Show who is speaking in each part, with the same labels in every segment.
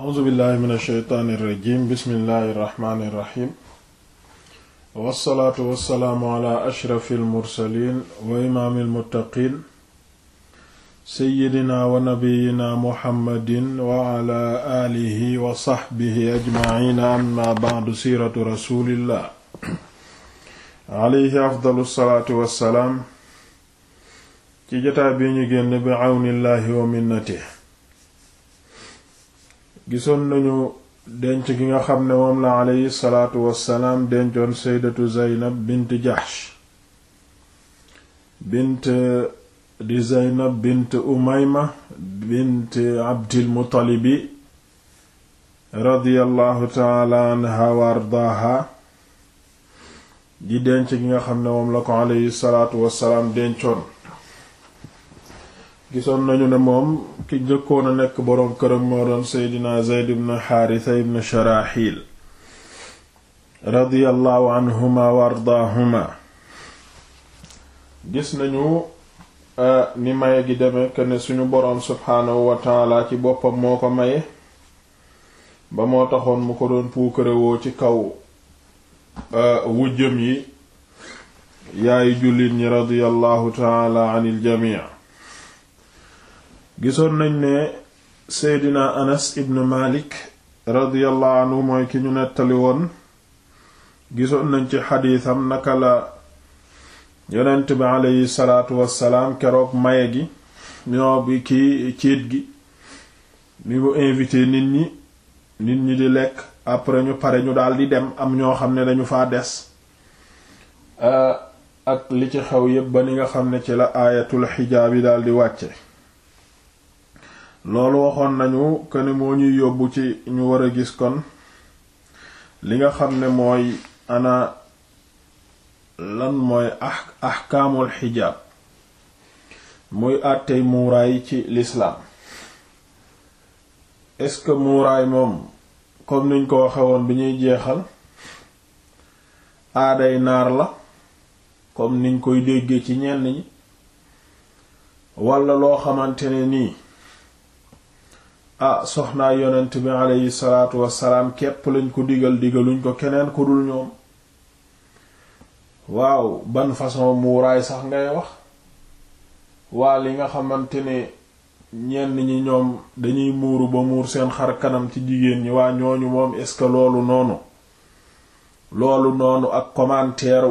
Speaker 1: a'uuzu billahi min alsheytaani irrajim bismillahi irrahmaani irrahim wassalaatu wassalaamu ala ashrafi almursalin wa imaami almuttaqin seyidina wa nabiyina muhammadin wa ala aalihi wa saxbihi ajmaciina amma bacdu siiratu rasulillah alayhi afdalu salaatu wassalaam ci jotaay bi ñu génn bi awnillahi wa minnatihi gisoon nañu denc gi nga xam ne moom la aleyhi salaatu wassalaam dencoon saydatu zeynab bint jahsh bint di zeynab bint umayma bint abdilmuttalibi radiyallahu taala anha wa ardaaha di denc ki nga xam ne moom la ko aleyhi salaatu wassalaam dencoon gisoon nañu ne moom ki jëkkoon a nekk boroom këram moo doon seydina zeyd ibn xaarisa ibn sharaxil radiyallahu anhuma wa ardaahuma gis nañu ni maye gi deme que suñu boroom subhaanahu wa ci boppam moo ko maye ba moo taxoon mu ko doon puukarewoo ci kaw wujjam yi yaayu jullit ñi radiyallahu taala anil jamii gisoon nañ ne seydina anas ibn malik radiyallahu mooy ki ñu nettali woon gisoon nañ ci xadiisam naka la yonent bi aleyhi salaatu wassalaam keroog maye gi ñoo bi kii ciit gi bi mu invité nit ñi nit ñi di lekk après ñu pare ñu daal di dem am ñoo xam ne dañu fa des euh, ak li ci xew yépp ba ni nga xam ne ci la aayatul xijaab yi daal di wàcce loolu waxoon nañu këni moo ñuy yóbbu ci ñu war a gis kon li nga xam ne mooy ana lan mooy ah ahkaamul xijaab muy àttey muuraay ci lislaam est-ce que muuraay moom kom niñ ko waxewoon bi ñuy jeexal aaday naar la kom niñ koy déggee ci ñenn ñi walla loo xamante ne nii ah soxnaa yonent bi aleyhi salaatu wassalaam képp lañ ko digal digaluñ ko keneen ku dul ñoom waaw ban façon muuraay sax ngay wax waa li nga xamante ne ñenn ñi ñoom dañuy muuru ba muur seen xar kanam ci jigéen ñi waa ñooñu moom est-ce que loolu noonu loolu noonu ak commentaire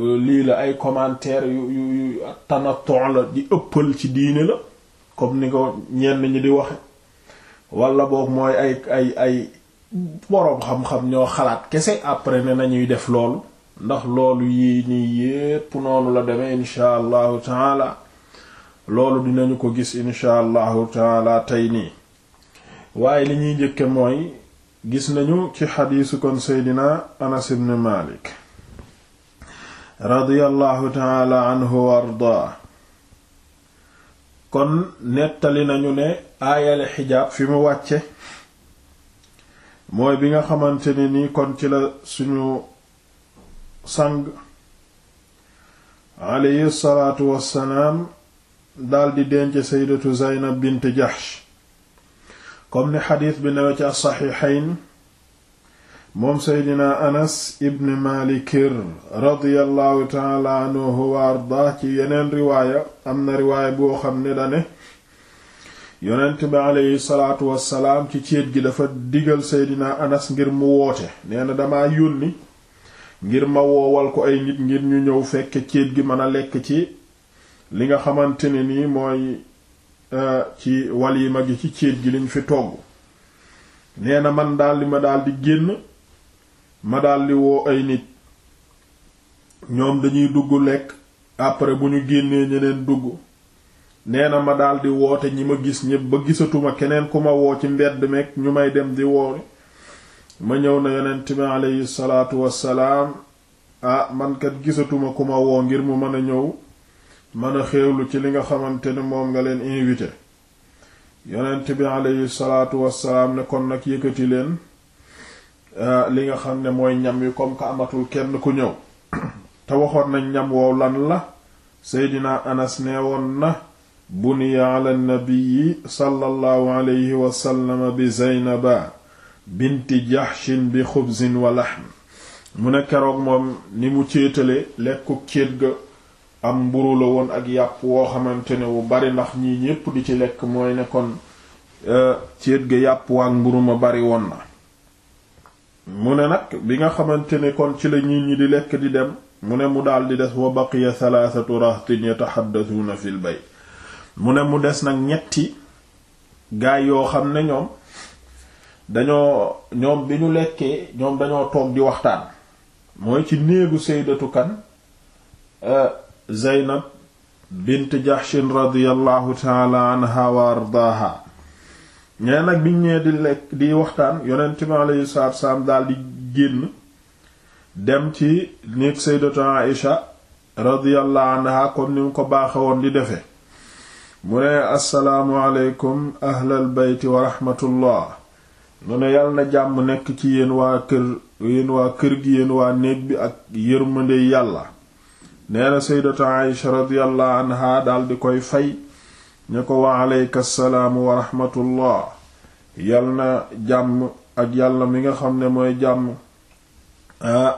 Speaker 1: euh, lii la ay commentaire yu yu yu tanatton la di ëppal ci diine la comme ni ko ñenn ñi di waxe wala boog mooy ay ay ay boroom xam-xam ñoo xalaat kese après ne nañuy def lool ndax loolu yi nii yépp noonu la demee insha allahu taala loolu dinañu ko gis insha allahu taala tey nii waaye li ñuy njëkke mooy gis nañu ci xadiisu kon seydina anas ibn malik radiyallahu taala anhu wa ardaa kon nettali nañu ne aayale xijaab fi mu wàcce mooy bi nga xamante ni nii kon ci la suñu sang alayhi salaatu wassalaam daldi denc saydatu zaynab bint jahsh comme ni xadiis bi newe ci as-saxiixayn moom seydina anas ibn malikir radiyallahu taala anhu wa ardaa ci yeneen riwaaya am na riwaaya boo xam ne dane yonent bi aleyhi salaatu wassalaam ci céet gi dafa digal seydina anas ngir mu woote nee na dama yónni ngir ma woowal ko ay nit ngir ñu ñëw fekke céet gi mën a lekk ci li nga xamante ne nii mooy euh, ci waliima gi ci céet gi liñ fi togg nee na man daldi ma daldi génn ma daldi woo ay nit ñoom dañuy dugg lekk après bu ñu génnee ñeneen dugg neena na ma daldi woote ñi ma gis ñépp ba gisatuma keneen ku ma woo ci mbedd meek ñu may dem di woori ma ñëw na yonent bi aleyhi salaatu wassalaam ah man kat gisatuma ku ma woo ngir mu mën a ñëw mën a xéewlu ci li nga xamante ne moom nga leen invité yonent bi aleyhi salaatu wassalaam ne kon nag yëkkati leen ah, li nga xam ne mooy ñam yu comme ka amatul kenn ku ñëw te waxoon nañ ñam woow lan la Seydina Anas nee woon na buniya ala nabiyi sallallahu alayhi wasallam bi zeynaba binti jaxshin bi xubsin wa laxm mu ne keroog moom ni mu céetale lekkub céet ga am mburu la woon ak yàpp woo xamante ne wu bari ndax ñii ñépp di ci lekk mooy ne kon euh, céet ga yàpp waa mburu ma bari woon na mu ne nag bi nga xamante ne kon ci la ñit ñi di lekk di dem mu ne mu daal di des wa baqiya thalathatu rahtin yataxaddasuuna fil bay mu ne mu des nag ñetti gaay yoo xam ne ñoom dañoo ñoom bi ñu lekkee ñoom dañoo toog di waxtaan mooy ci néegu saydatu kan euh, Zaynab bint Jahshin radiyallahu taala anha wa ardaaha ñee nag biñ ñee di lekk di waxtaan yonent mi alayhi salaatu salaam daal di génn dem ci néeg saydatu Aisha radiyallahu anha kon ni mu ko baaxe woon di defee mu ne assalaamu aleykum ahlal beyti wa rahmatullah mu ne yal na jàmm nekk ci yéen waa kër yéen waa gi yéen waa néeg bi ak yërmande yàlla nee na saydatu aysha anha daldi koy fay ñu ko wa aleyka salaamu wa rahmatullah yal na jàmm ak yàlla mi nga xam ne mooy jàmm ah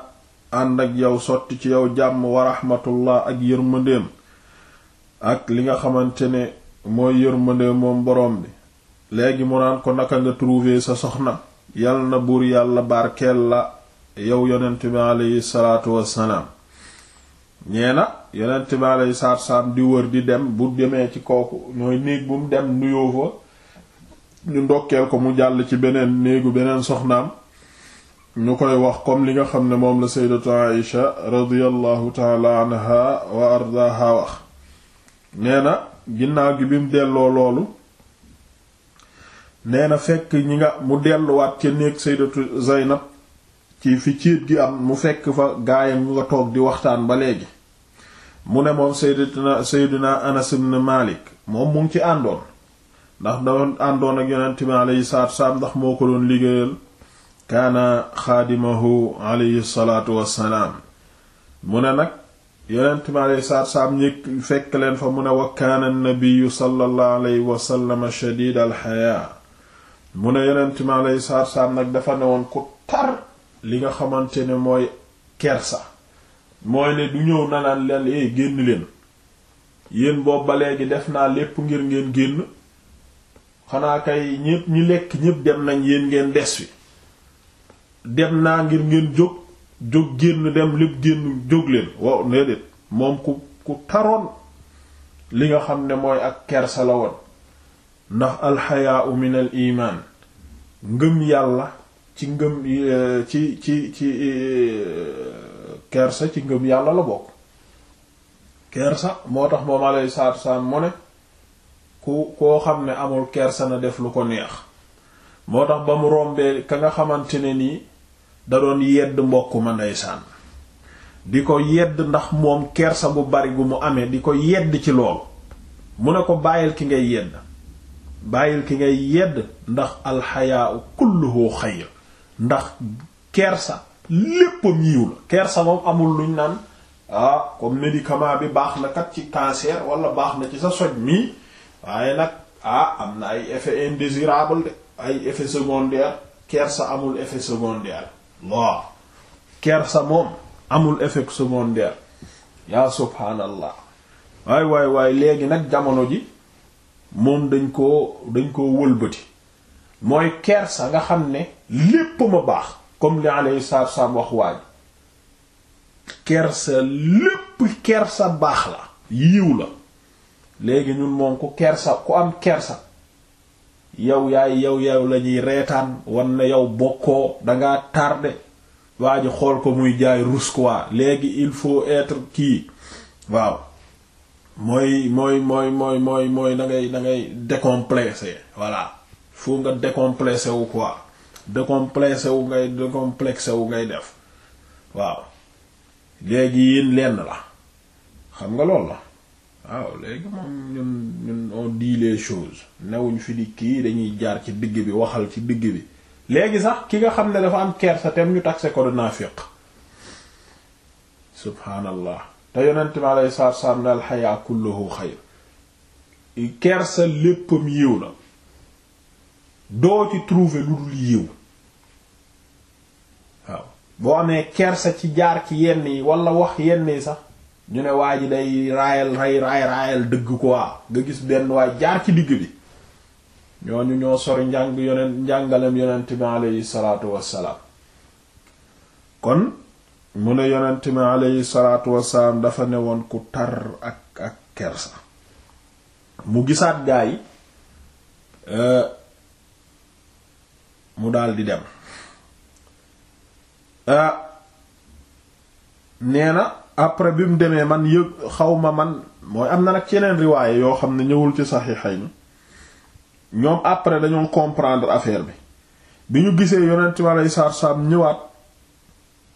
Speaker 1: ànd ak yow sotti ci yow jàmm wa rahmatullah ak yërmandeem ak li nga xamante ne mooy yërmande moom boroom bi léegi mu naan ko naka nga trouver sa soxna yal na buur yàlla barkeel la yow yonent bi aleyhi salaatu wassalaam na yonent bi aleyhi salaatu di wër di dem bu demee ci kooku ñooy néeg bu mu dem nuyoo ñu ndokkeel ko mu jàll ci beneen néegu beneen soxnaam ñu koy wax comme li nga xam ne moom la sayyidatu Aïsha radiyallahu taala wa ardaha wax nee na ginnaaw gi bi mu delloo loolu nee na fekk ñi nga mu delluwaat ca néeg sayyidatu Zaynab ci fi ciit gi am mu fekk fa gaayam ñu nga toog di waxtaan ba léegi mu ne moom sayyidina sayyidina Anas ne Malik moom mu ngi ci àndoon ndax doon àndoon ak yonent bi yi salaatu wasalaam ndax moo ko doon liggéeyal kaana xaadimahu alayhi salaatu wassalaam mu ne nag yonent bi aleyhi salaatu salaam ñi fekk leen fa mu ne wa kaana nabiyu sallallahu alayhi wa sallam shadiid alxayaa mu ne yonent bi aleyhi salaatu salaam nag dafa ne woon ku tar li nga xamante ne mooy kersa mooy ne du ñëw na naan leen eh, génn leen yéen boobu ba léegi def naa lépp ngir ngeen génn xanaa kay ñépp ñi lekk ñépp dem nañ yéen ngeen des fi dem naa ngir ngeen jóg. jóg génn dem lépp génn jóg leen waaw déedéet moom ku ku taroon li nga xam ne mooy ak kersa la woon ndax alxayaa u min ngëm yàlla ci ngëm ci ci ci e, kersa ci ngëm yàlla la bokk kersa moo tax moom alay saatu saam mu ne ku koo xam ne amul kersa na def lu ko neex moo tax ba mu rombee ka nga xamante ne nii da doon yedd mbokk ma ndeysaan di ko yedd ndax moom kersa bu bari gu mu amee di ko yedd ci lool mu ne ko bàyyil ki ngay yedd bàyyil ki ngay yedd ndax alxayaa kulluhu xayr ndax kersa léppam yiw la kersa moom amul lu ñu naan ah comme médicament bi baax na kat ci cancer wala baax na ci sa soj mii waaye nag ah am na ay effets indésirables de ay effets secondaires kersa amul effet secondaire waaw kersa moom amul effet secondaire yaa subhaanallah waay waay waay léegi nag jamono ji moom dañ koo dañ koo wëlbati mooy kersa nga xam ne lépp ma baax comme li alayhi salaatu wassalaam wax waaj kersa lépp kersa baax la yiw la léegi ñun moom ku kersa ku am kersa yow yaay yow yow la ñuy reetaan wan na yow bokkoo dangaa tardé waa ji xool ko muy jaay rus quoi léegi il faut être kii waaw mooy mooy mooy mooy mooy mooy da ngay da ngay voilà faut nga décomplexé wu quoi décomplexé wu ngay décomplexé wu ngay def waaw léegi yéen lenn la xam nga lool la waaw léegi moom ñun ñun on dit les choses newuñ fi di kii dañuy jaar ci digg bi waxal ci digg bi léegi sax ki nga xam ne dafa am kersa tem ñu taxé ko de naafiq subhaanallah te yonent bi alayhi salaatu salaam ne alxayaa kulluhu xayr kersa léppam yiw la doo ci trouver lu dul yiw waaw boo amee kersa ci jaar ci yenn yi wala wax yenn yi sax ñu ne waa ji day raayal ray raay raayal dëgg ko waa nga gis benn waay jaar ci digg bi ñooñu ñoo sori njàng yonent njàngalem yonent bi aleyhi salaatu wassalaam kon mu ne yonent bi aleyhi salaatu wassalaam dafa ne woon ku tar ak ak kersa mu gisaat gaa yi euh, mu daal di dem euh, nee na après bi mu demee man yëg xaw ma man mooy am na nag yeneen riwaaye yoo xam ne ñëwul ci saxiixayni ñoom après dañoo comprendre affaire bi bi ñu gisee yonent mi aleyhi salaatu salaam ñëwaat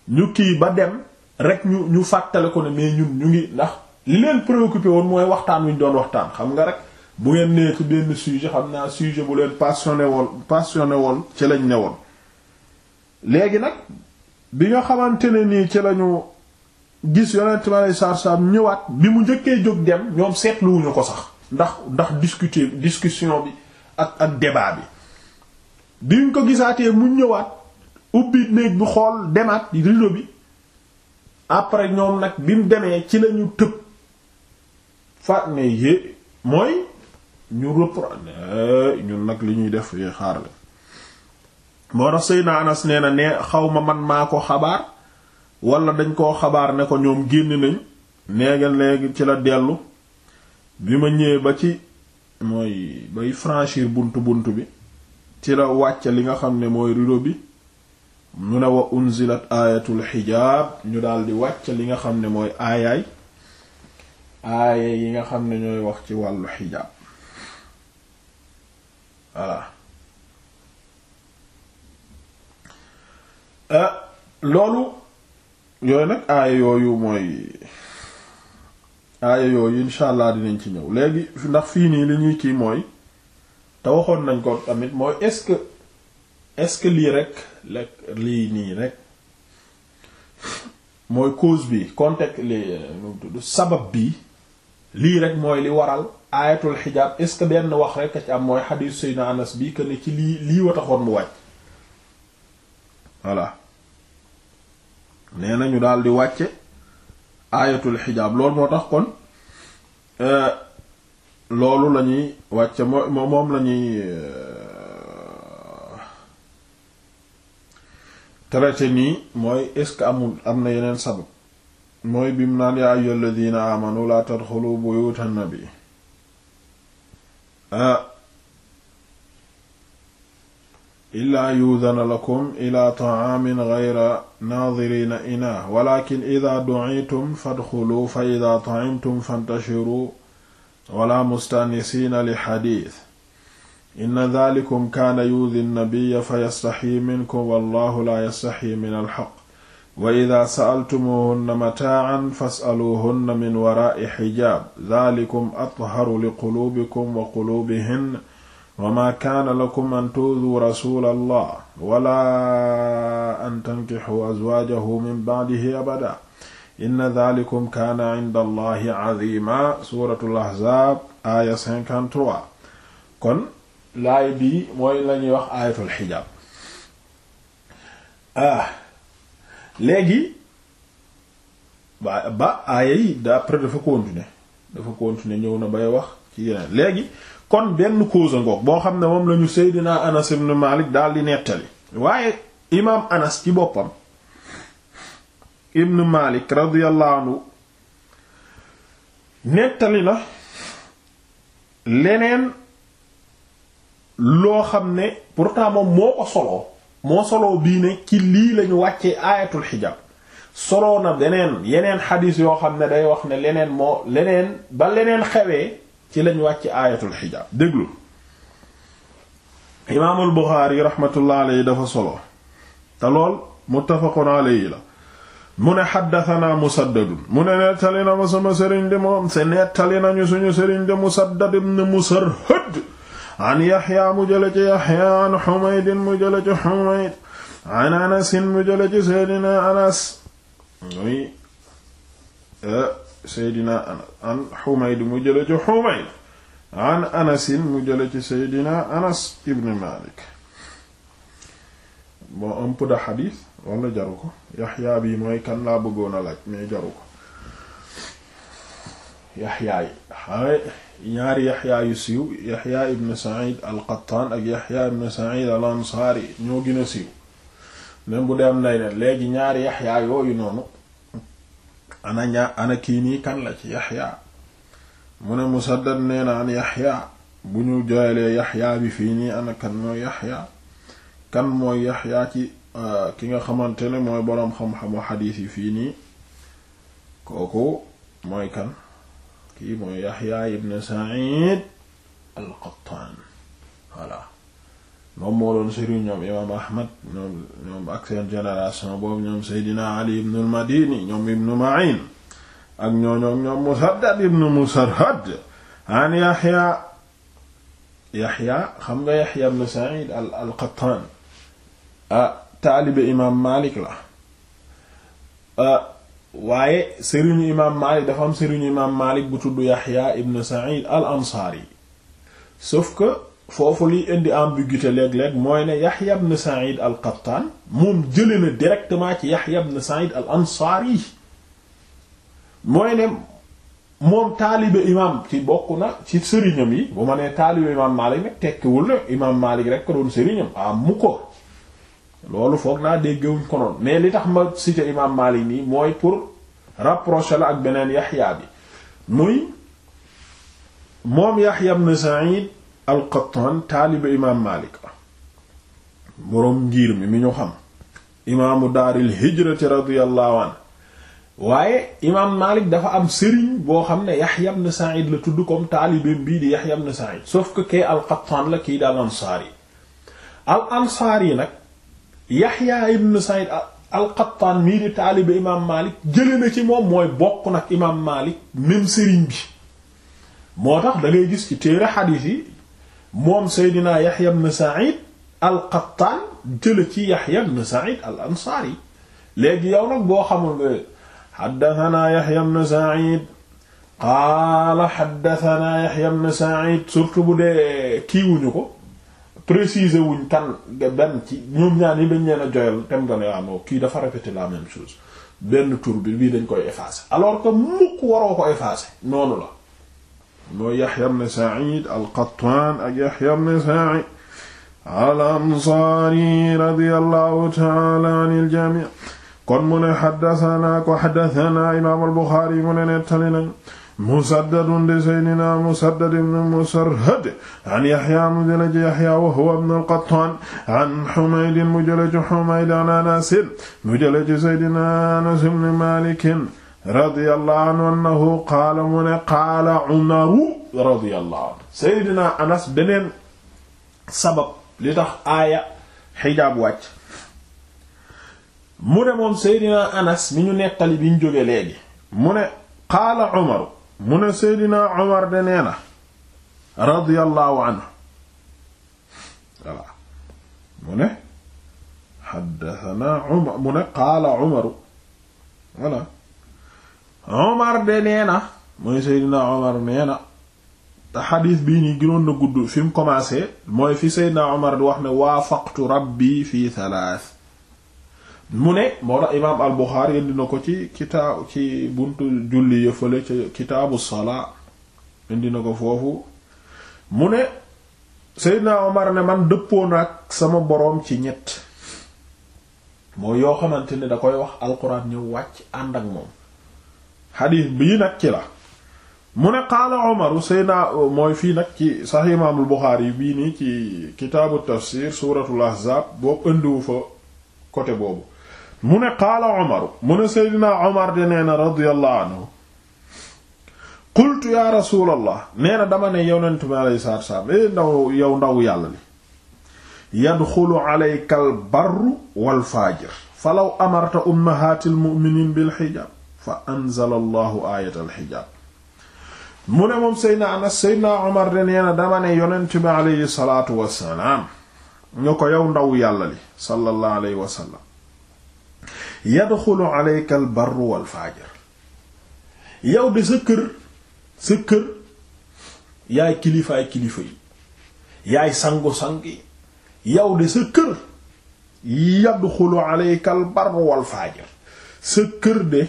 Speaker 1: ñu kii ba dem rek ñu ñu fàttale ko ne mais ñun ñu ngi ndax li leen préoccupé woon mooy waxtaan wi ñu doon waxtaan xam nga rek bu ngeen nee ci benn sujet xam naa sujet bu leen passionné woon passionné woon ci lañ ne woon léegi nag bi nga xamante nii ci lañu gis yonent mi aleyhi salaatu salaam ñëwaat bi mu njëkkee jóg dem ñoom seetluwuñu ko sax ndax ndax discuter discussion bi ak ak débat bi biñ ko gisaatee mu ñëwaat ubbi néeg bi xool demaat rido bi après ñoom nag bi mu demee ci lañu tëb faat ne yé mooy ñu reprendre eh, ñun nag li ñuy def xaarale moo tax Seydina Anas nee na ne xaw ma man maa ko xabaar walla dañ koo xabaar ne ko ñoom génn nañ neega léegi ci la dellu bi ma ñëwee ba ci mooy bay franchir buntu bunt bi ci la wàcc li nga xam ne mooy rido bi mu ne wa unzilat aayatul xijaab ñu daldi wàcc li nga xam ne mooy aayaay aaya yi nga xam ne ñooy wax ci wàllu xijaab voilà euh, loolu yooyu nag aaya yooyu mooy aaya yooyu insha allah dinañ ci ñëw léegi ndax fii nii li ñuy kii mooy te waxoon nañ ko tamit mooy est-ce lii rek lii nii rek mooy cause bi contexte li nu sabab bi lii rek mooy li waral aayatul xijaab est-ce que benn wax rek a mooy xadiis Seydina Anas bi que ne ci lii lii wa taxoon mu wàcc voilà ne nañu daal di wàcce ayatul xijaab loolu moo tax kon euh, loolu la ñuy wàcce moom moom la ñuy euh, mooy est-ce que amul am na yeneen sabab mooy bim naan yaa ayyuhal ladina amanu la tadxulu buyuta nabi euh, illa yudana lakum ila ta'amin ghayra naadirina ina walakin ida du'itum fadxulu fa ida ta'imtum fantashiru wala mustanisiina li xadiis inna dalikum kaana yuudi nnabiya fa yastaxyi minkum wallahu la yastaxyi min alxaq wa ida sa'altumuhunna mataacan fas'aluuhunna min wara'i xijaab dalikum atharu li quluubikum wa quluubihin wa ma kaana lakum an tuuduu rasula allah wala an tankixuu azwaajahu min bacdihi abada inna dalikum kaana cinda allahi cadima suratul ahzaab aaya 53 kon laay bii mooy la ñuy wax aayatul xijaab ah ba ba aaya dafa continuer dafa continuer ñëw kon benn cause boo xam ne moom lañu ñu Seydina Anas ibn Malik daal di nettali waaye imaam Anas ci boppam ibn Malik radiyallahu anhu nettali na leneen loo xam ne pourtant moom moo ko soloo moo soloo bii ne ci lii lañu wàccee aayatul xijaab solo na beneen yeneen xadiis yoo xam ne day wax ne leneen moo leneen ba leneen xewee ci lañ wàcc aayatul xijaab déglu imaamul buxaari raxmatullah aleyhi dafa solo te lool muttafaqun aleyhi la mu ne xaddatanaa musaddadun mu ne nettali na ma sama sëriñ de moom se nettali nañu suñu sëriñ de musaddad ibn musarhad an yaxya mu jële ci yaxya an xumaydin mu jële ci xumayd an anasin mu jële ci seydina anas eh, seydina anas an xumayd mu jële ci xumayd mu jële ci seydina anas ibn malik bon un xadiis wala jaru ko yaxyaa bi mooy kan laa bëggoon a laaj mais jaru ko yaxyaa yi ñaari yaxyaa yu siiw yaxyaa ibn said al qattaan ak yaxyaa ibn said al ansaari ñoo gën siiw même bu dee am nay ne léegi ñaari yaxyaa yooyu noonu ana ña ana kii nii kan la ci yaxya mu ne musaddad nee na an yaxya bu ñu jooyalee yaxya bi fii nii ana kan mooy yaxya kan mooy yaxya ci euh, ki nga xamante ne mooy boroom xam-xamu xadiis yi fii nii kooku mooy kan kii mooy yaxya ibn sa'id al-qattan voilà moom moo doon sëriñ ñoom imaam ahmad ñoom ñoom ak seen génération boobu ñoom seydina ali ibnu al-madini ñoom xam nga yaxya ibnu ah, malik la ah, waaye sëriñu imaam malik dafa bu tudd yaxya ibnu sa'id al ansaari sauf foofu liy indi ambiguïté léeg-léeg mooy ne Yahya ibn Sa'id al-Qattan moom jëlee na directement ci Yahya ibn Sa'id al-Ansari mooy ne moom taalibe imam ci bokk na ci sëriñam yi bu ma nee taalibe imam Malik nag tekkiwul ne imam Malik rek ko doon sëriñam ah mu ko loolu foog naa déggewuñ ko noonu mais li tax ma cité imam Malik nii mooy pour rapprocher la ak beneen Yahya bi muy moom Yahya ibn Sa'id al-Qattan taaliba imaam Maalik boroom ngir mi ñu xam imaamu daaril hijrati radiyallahu an waaye imaam Maalik dafa am sëriñ boo xam ne Yahya ibn Sa'id la tudd comme taalibeem bii di Yahya ibn Sa'id sauf que kee al-Qattan la kii daal ansaar yi al ansaar yi nag Yahya ibn Sa'id al-Qattan mii di taalibe imaam Maalik jële na ci moom mooy bokk nag imaam Maalik même sëriñ bi moo tax da gis ci téere xadiis yi moom Seydina Yahya ibn Sa'id al-Qattan jële ci Yahya ibn Sa'id al-Ansari léegi yow nag boo xamul nga haddathana Yahya ibn Sa'id qaala haddathana Yahya ibn Sa'id surtout bu dee kiiwuñu ko préciser wuñ kan benn ci ñoom ñaar yi dañ leen a joyal tem nga ne waaw ah kii dafa répéter la même chose benn tur bii dañ koy effacer alors que mukk waroo ko effacer noonu la mooy Yahya ibn Sa'id al-Qattan ak Yahya ibn Sa'id al-Ansari radiyallahu ta'ala anil jami' kon mu ne xaddasanaa ko xaddasanaa imaam al-Buxaari mu ne nettali nañ Musaddadun di Seydina Musaddad ibn Musarhad an Yahya mu jële ci Yahya wa huwa ibn al-Qattaan an Humayd mu jële ci Humayd an Anas mu jële ci Seydina Anas ibn Maalik radiyallahu anhu annahu qaala mu ne qaala umaru radiyallahu anhu seydina anas beneen sabab li tax aaya xijaab wàcc mu ne moom seydina anas mi ñu nettali bi ñu jóge léegi mu ne qaala umaru mu ne seydina umar de nee na radiyallahu anhu voilà mu ne xaddasanaa umar mu ne qaala umaru voilà Omar de nee na mooy Seydina Omar nee na te xadiis bii nii gënoon na gudd fi mu commencé mooy fi Seydina Omar di wax ne waafaqtu rabbi fii thalath mu ne moo tax imaam al Buxaari indi ko ci kitaab ci buntu julli yëfale ci kitaabu salaa indi ko foofu mu ne Seydina Omar ne man dëppoon na ak sama boroom ci ñett mooy yoo xamante ni da koy wax alxuraan ñëw wàcc ànd ak moom xadiis bii nag ci la mu ne qaala Umar Seyna mooy fii nag ci sax imaamul Buxaari bii nii ci kitaabu tafsir suuratul ahzaab boo ëndiwu fa boobu mu ne qaala Umar mu ne Seydina Umar de nee na radiyallahu anhu qultu ya rasulallah dama ne yonent mi alayhi salaatu salaam eh, yow ndaw yàlla li yadxulu alayka al barru wal faajir falaw amarta ummahaatil mu'miniin bil hijaab fa anzala allahu aayatal xijaab mu ne moom seydna anas seydna omar de nee na dama ne yonent bi aleyhi salaatu wassalaam nga ko yow ndaw yàlla li sallallahu alayhi wa sallam yadxulu aleyka al barru wal fajir yow de sa kër sa kër yaay kilifaay kilifa yi yaay sangu-sang yi yow de sa kër yadxulu aleyka al barru wal fajir sa kër de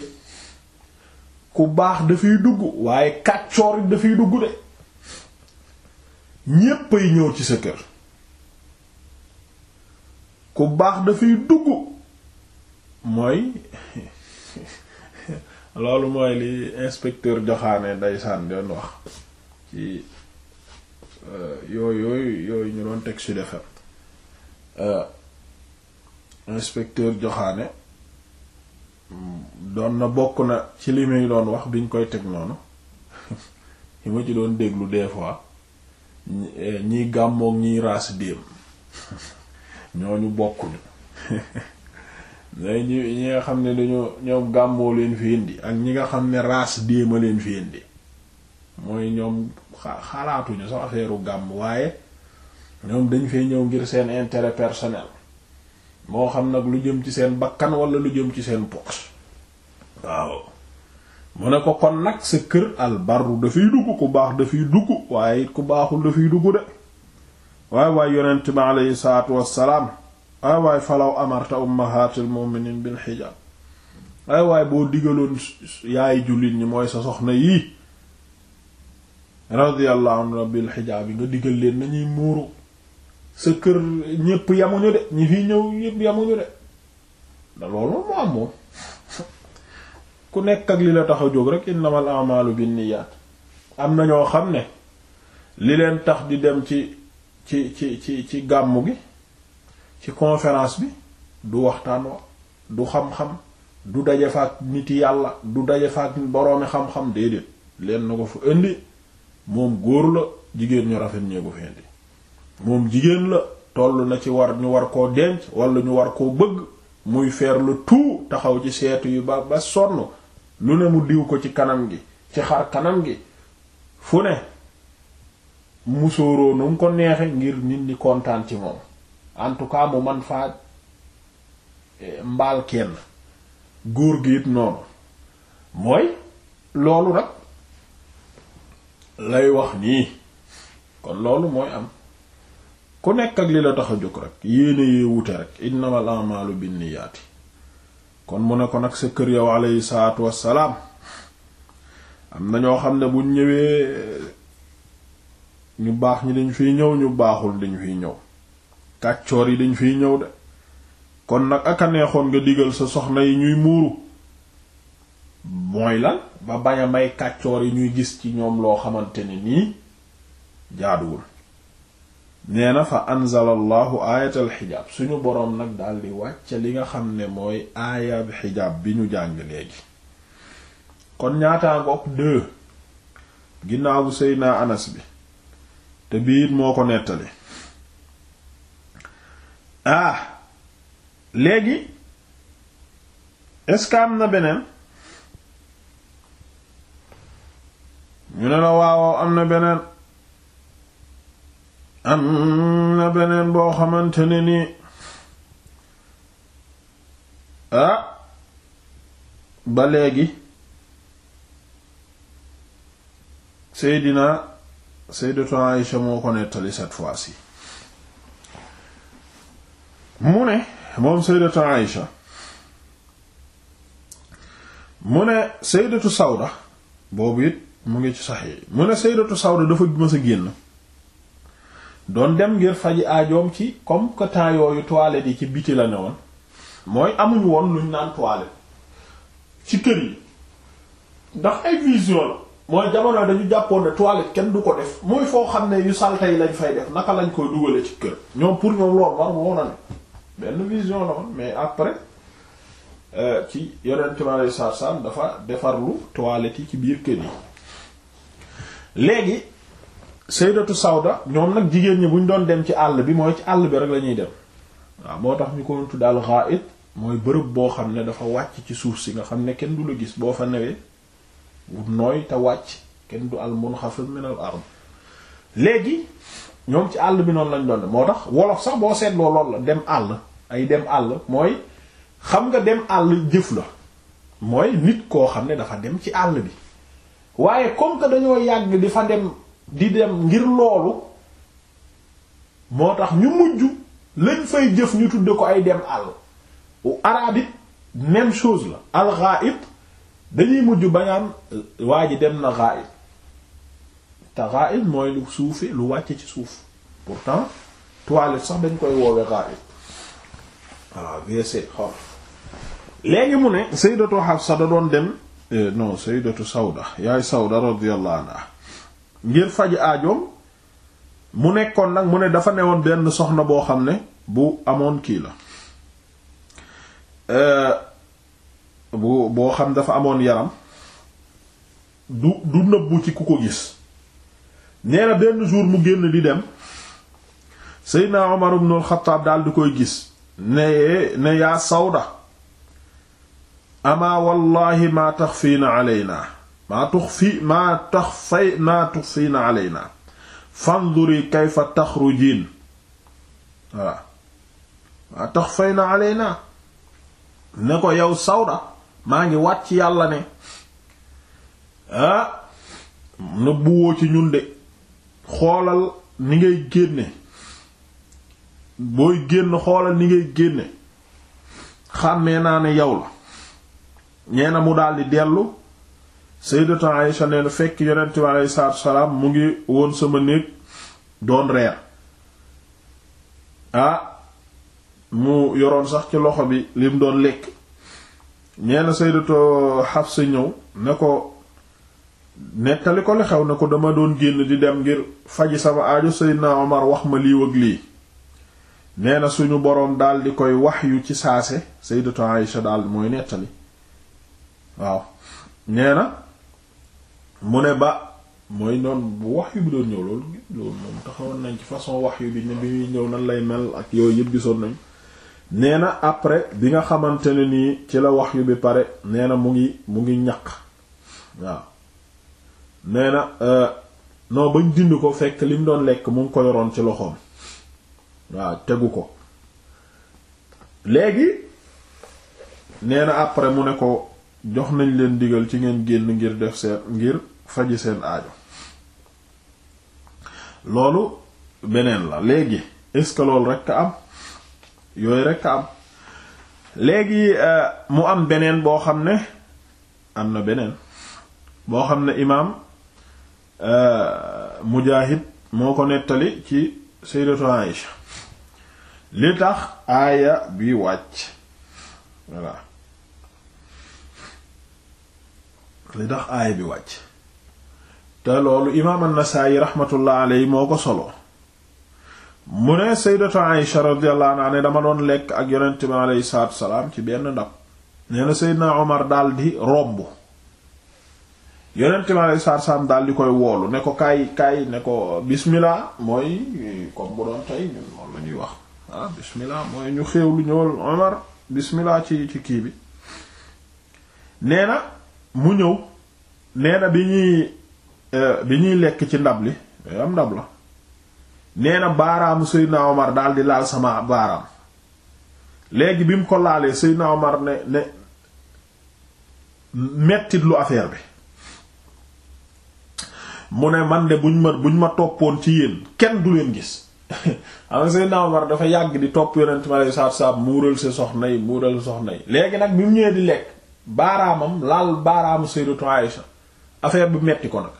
Speaker 1: ku baax dafay dugg waaye kàccoor it dafay dugg de ñéppay ñëw ci sa kër ku baax dafay dugg mooy loolu mooy li inspecteur joxaane ndeysaan doon wax ci euh, yooyu yooyu yooyu ñu doon teg su defar euh, inspecteur joxaane doon na bokk na ci li muy doon wax biñ koy teg noonu yi ci doon déglu des fois ñiy eh, gàmmoog ñiy raas déem ñooñu bokk day ñi ñi nga xam ne dañoo ñoom gàmmoo leen fi indi ak ñi nga xam ne raas déema leen fi indi mooy ñoom xalaatuñu sax affaire gàmm waaye ñoom dañ fee ñëw ngir seen intérêt personnel moo xam nag lu jëm ci seen bakkan wala lu jëm ci seen poche waaw mu ne ko kon nag sa kër albarru dafay dugg ku baax dafay dugg waaye it ku baaxul dafay dugg de waaye waaye yonent bi aleyhi salaatu wassalaam waaye waaye falaw amarta ummahatil mu'minin bil hijab waaye waaye boo digaloon yaay jullit ñi mooy sa soxna yii radiyallahu anhu bil hijab yi nga digal leen nañuy muuru sa kër ñépp yamuñu de ñi fi ñëw ñépp yamuñu de da loolu moo am moom ku nekk ak li la tax a jóg rek innamal a'malu binniyat am na ñoo xam ne li leen tax di dem ci ci ci ci ci gàmmu gi ci conférence bi du waxtaan wa du xam-xam du daje faak niti yàlla du daje faak boroomi xam-xam déedéet leen na ko fu indi moom góor la jigéen ñu rafet ñee ko fi indi moom jigéen la tollu na ci war ñu war koo denc wala ñu war koo bëgg muy faire le tout taxaw ci seetu yu ba ba sonn lu ne mu diw ko ci kanam gi ci xar kanam gi fu ne musóoroo nu ko neexe ngir nit ñi kontaan ci moom en tout cas mu man faa e, mbaal kenn góor gi it noonu mooy loolu nag lay wax nii kon loolu mooy am ku nekk ak li la tax a jóg rek yéene yee wute rek innamal a'malu binniyaati kon mu ne ko nag sa kër yow alayhi salaatu wassalaam am na ñoo xam ne buñ ñëwee ñu baax ñi dañ fiy ñëw ñu baaxul dañ fiy ñëw kàccoor yi dañ fiy ñëw de kon nag aka neexoon nga digal sa soxna yi ñuy muuru mooy la ba bañ a may kàccoor yi ñuy gis ci ñoom loo xamante ne nii jaaduwul nee na fa anzala allahu aayatal xijaab suñu boroom nag daldi wàcce li nga xam ne mooy aayab xijaab bi ñu jàng léegi kon ñaataa ngoog deux ginnaawu seydna anas bi te biir moo ko nettali ah léegi est na beneen ñu ne la waaw am na beneen am na beneen boo xamante ne ni ah ba léegi Seydina Sayyidatu Aïsha moo ko nettali cette fois-ci mu ne moom Sayyidatu Aïsha mu ne Sayyidatu Sawda boobu it mu ngi ci sax yi mu ne Sayyidatu Sawda dafa mës a génn doon dem ngir faji aajoom ci comme que temps yooyu toilette yi ci biti la ne mooy amuñu woon luñ naan toilette ci kër yi ndax ay vision la mooy jamono dañu jàppoon ne toilette kenn du ko def mooy foo xam ne yu salte yi lañ fay def naka lañ koy dugale ci kër ñoom pour ñoom loolu war woon na ne benn vision la woon mais après euh, ci yonente mi alei saatu salaam dafa defar lu toilette yi ci biir kër yi léegi sayyidatu Sawda ñoom nag jigéen ñi bu ñu doon dem ci àll bi mooy ci àll bi rek la ñuy dem waaw moo tax ñu ko tudd al ghaid mooy bërëb boo xam ne dafa wàcc ci suuf si nga xam ne kenn du la gis boo fa newee bu nooy te wàcc kenn du al munxafid min al léegi ñoom ci àll bi noonu lañ doon moo tax wolof sax boo seetloo lool la dem àll ay dem àll mooy xam nga dem àll jëf la mooy nit koo xam ne dafa dem ci àll bi waaye comme que dañoo yàgg di fa dem. di dem ngir loolu moo tax ñu mujj lañ fay jëf ñu tudde ko ay dem àll u araab it même chose la al ghaib dañuy mujj bañaan euh, waa ji dem na ghaib te ghaib mooy lu suufi lu wàcc ci suuf pourtant toilette sax dañ koy woowe ghaib voilà WC xaw léegi mu ne sayyidatu Hafsa da doon dem euh, non sayyidatu Sawda yaay Sawda radiyallahu anha ngir faj aajoom mu nekkoon nag mu ne dafa newoon benn soxna boo xam ne bu amoon kii la euh, bu boo xam dafa amoon yaram du du nëbbu ci ku ko gis nee na benn jour mu génn di dem Seydina Omar ibn al-Khattab di koy gis ne ne yaa Sawda ama wallahi ma taxfiina alayna maa tux fi maa tax fay naa tux fii na aley na fanzuri kayfa taxrujiin waaw maa tax fay na aley na ne ko yow sawda maa ngi wàcc yàlla ne ah nëbbuwoo ci ñun de xoolal ni ngay génne booy génn xoolal ni ngay génne xàmmee naa ne yow la na mu daldi dellu sayyidatu Aïsha nee na fekk yonent bi aleyhi salaatu wasalaam mu ngi woon sama néeg doon reer ah mu yoroon sax ci loxo bi lim doon lekk nee na sayyidatu Hafsa ñëw ne ko nettali ko li xew ne ko dama doon génn di dem ngir faji sama aajo Seydina Omar wax ma lii wëg lii nee na suñu boroom daal di koy wax yu ci saase Sayyidatu Aïsha daal mooy nettali waaw nee mu ne ba mooy noonu bu wax yu bi doon ñëw loolu loolu moom taxawoon nañ ci façon wax yu bi ne bi ñëw nan lay mel ak yooyu yëpp gisoon nañ nee na après bi nga xamante ne nii ci la wax yu bi pare nee na mu ngi mu ngi ñaq waaw nee na euh, non bañ dind ko fekk li mu doon lekk mu ngi ko yoroon ci loxoom waaw tegu ko léegi nee na après mu ne ko jox nañ leen digal ci ngeen génn ngir def seet ngir faji seen aajo loolu beneen la léegi est-ce que loolu rekk a am yooyu rekk am léegi euh, mu am beneen boo xam ne am na beneen boo xam ne imaam euh, Mujaahid moo ko nettali ci Sayyidatu Aïsha li tax aaya bi wàcc voilà li tax aaya bi wàcc te loolu imaam an-Nasaa'i raxmatullah alayhi moo ko solo mu ne sayyidatu Aysha radiyallahu ne dama doon lekk ak yonent bi alayhi salaatu salaam ci benn ndab nee na Omar daldi romb yonent bi alayhi salaatu salaam daldi koy woolu ne ko kaay kaay ne ko bismillah mooy comme bu doon tey ñun moom wax ah mooy ñu xéewlu ñëwal Omar bismillah ci ci kii bi nee mu ñëw nee bi ñuy Euh, bi ñuy lekk ci ndab li eh, am ndab la nee na baaraamu Seydina Omar daal di laal sama baaraam léegi bi mu ko laalee Seydina Omar ne ne mettit lu affaire bi mu ne man de buñ ma buñ ma toppoon ci yéen kenn du leen gis xam nga Seydina Omar dafa yàgg di topp yonent ma lay saab saab muural sa soxna yi muural soxna yi léegi nag bi mu ñëwee di lekk baaraamam laal baaraamu Sayyidatu Aïsha affaire bi metti ko nag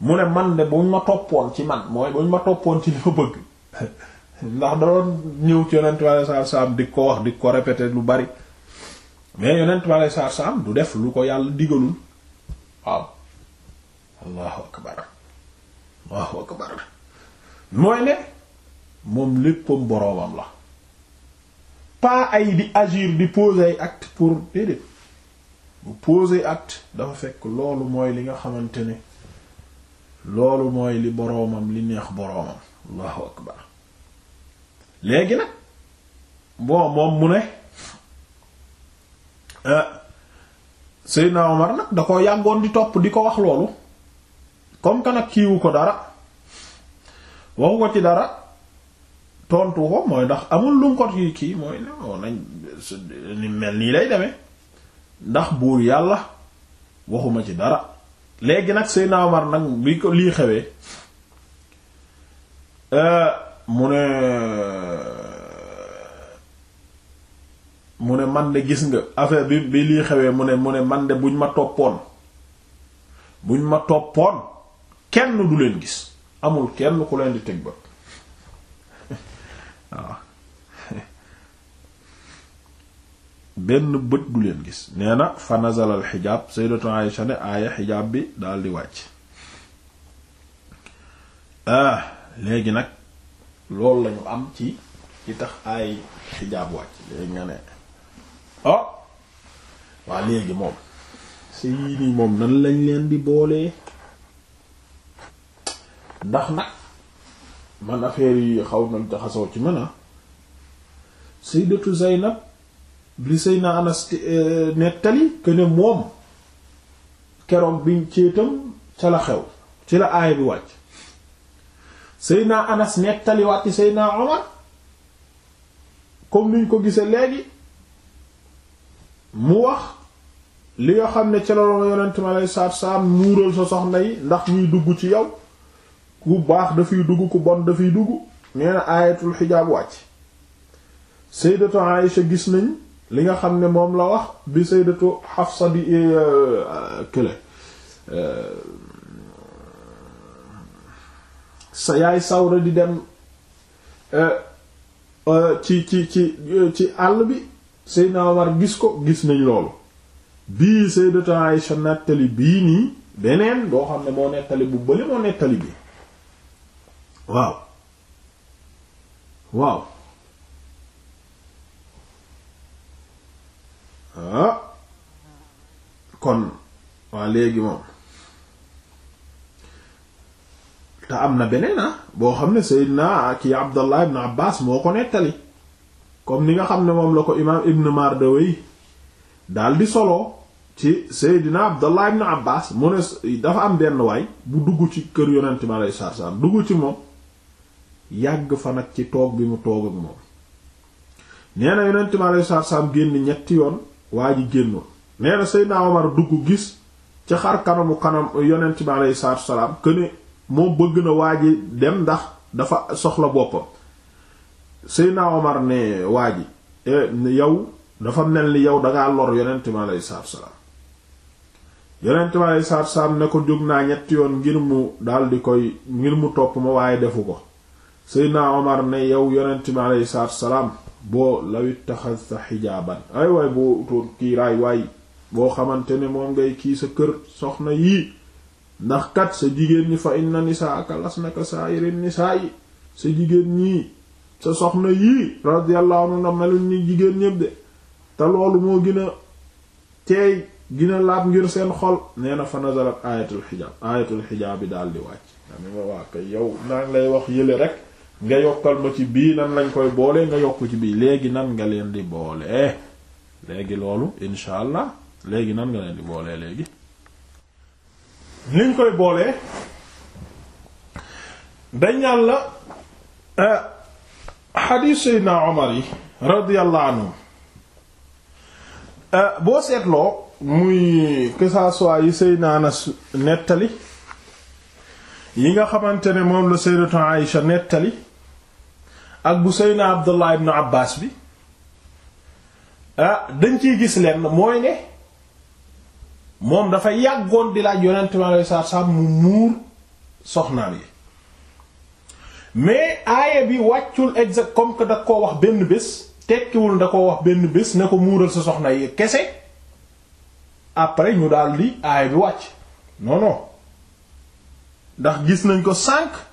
Speaker 1: mu ne man de buñ ma toppoon ci man mooy buñ ma toppoon ci li ma bëgg ndax da ñëw ci yonent bi aleyhi salaatu wa di ko wax di ko répéter lu bari mais yonent bi aleyhi salaatu wa du def lu ko yàlla digalul waaw allahu akbar allahu akbar mooy ne moom léppam boroomam la pas ay di agir di poser ay pour déedéet bu poser acte dafa fekk loolu mooy li nga xamante ne loolu mooy li boroomam li neex boroomam allahu akbar léegi nag bon moom mu ne euh, Seydina Omar nag da ko yàngoon di topp di ko wax loolu comme que nag kiiwu ko dara waxu ko ci dara tontu ko mooy ndax amul lu mu ko kii kii mooy oh, nañ ni mel nii lay demee ndax buur yàlla waxuma ci dara léegi nag Seydina Omar nag bi ko lii xewee euh, mu ne mu ne man de gis nga affaire bi bi lii xewee mu ne mu ne man de buñ ma toppoon buñ ma toppoon kenn du leen gis amul kenn ku leen di teg ba waaw benn bët du leen gis neena na fa nazala al xijaab sayyidatu Aïsha ne aaya xijaab bi daal di wàcc ah léegi nag loolu lañu am ci ci tax ay xijaab wàcc léegi nga ne oh waa léegi moom si yii nii moom nan lañ leen di boolee ndax nag man affaire yi xaw na jaxasoo ci mën a ah. sayyidatu Zaynab li Seydina Anas eh, nettali que moom keroog biñ céetam ca la xew ci la aaya bi wàcc Seydina Anas nettali waat ci Seydina Omar comme niñ ko gisee léegi mu wax li nga xam ne ca la doon yonent ma lay saat saam muural sa soxna yi ndax ñuy dugg ci yow ku baax dafay dugg ku bon dafay dugg nee na aayatul xijaab wàcc Sayyidatu Aïsha gis nañ li nga xam ne moom la wax bi sayyidatu Hafsa di eh, kële eh, sa yaay Sawra di dem eh, ci ci ci ci àll bi Seydina Omar gis ko gis nañ loolu bii sayyidatu Aisha nettali bii nii beneen boo xam ne moo nettali bu bële moo nettali bi waaw waaw Ah. kon waa léegi moom te am na beneen ah boo xam ne Seydina ki Abdallah ibn Abbas moo ko nettali comme ni nga xam ne moom la ko imaam Ibn Mardawayh daal di solo ci Seydina Abdallah ibn Abbas mu ne dafa am benn waay bu dugg ci kër yonent mi alayhi salaatu salaam dugg ci moom yàgg fa nag ci toog bi mu toog ak moom nee na yonent mi alayhi salaatu salaam génn ñetti yoon. waa ji génnul nee na Seydina Omar dugg gis ci xar kanamu kanam yonent bi aleyhi salaatu salaam këne moom bëgg na waa ji dem ndax dafa soxla boppam Seydina Omar ne waa ji e, yow dafa mel ni yow dangaa lor yonent bi aleyhi salaatu salaam yonent bi aleyhi salaatu salaam ne ko jóg naa ñetti yoon ngir mu daldi koy ngir mu topp ma waaye defu ko Seydina Omar ne yow yonent bi aleyhi salaatu salaam boo lawit taxas sa xijaaban ay waay boo utoon kiiraay waay boo xamante ne moom ngay kii sa kër soxna yii ndax kat sa jigéen ñi fa inna nisaaka lasnaka sa'irin nisaa yi sa jigéen ñi sa soxna yii radiyallahu anhu na melul ni jigéen ñépp de te loolu moo gën a teey gën a laab ngir seen xol nee na fa nazarat ayatul xijaab ayatul xijaab bi daal di wàcc dami ma waa kay yow naa lay wax yële rek nga yokkal ma ci bii nan lañ koy boole nga yokku ci bii léegi nan nga leen di boole léegi loolu incha allah léegi nan nga leen di boole léegi liñ koy boole dañ yàlla la eh, xadiis Seydina Omar yi radiyallahu anhu eh, boo seetloo muy que ça soit yi Seydina Anas nettali yi nga xamante ne moom la Sayyidatu Aïsha nettali ak bu naa Abdullah ibn Abbas bi ah dañ ciy gis lenn mooy ne moom dafa yàggoon di laaj yonent mi alayhi salaatu salaam mu muur soxnaam yi mais aaya bi wàccul exact comme que da koo wax benn bés tekkiwul da koo wax benn bés ne ko muural sa soxna yi kese après ñu daal di aaya bi wàcc noonu ndax gis nañ ko sànq.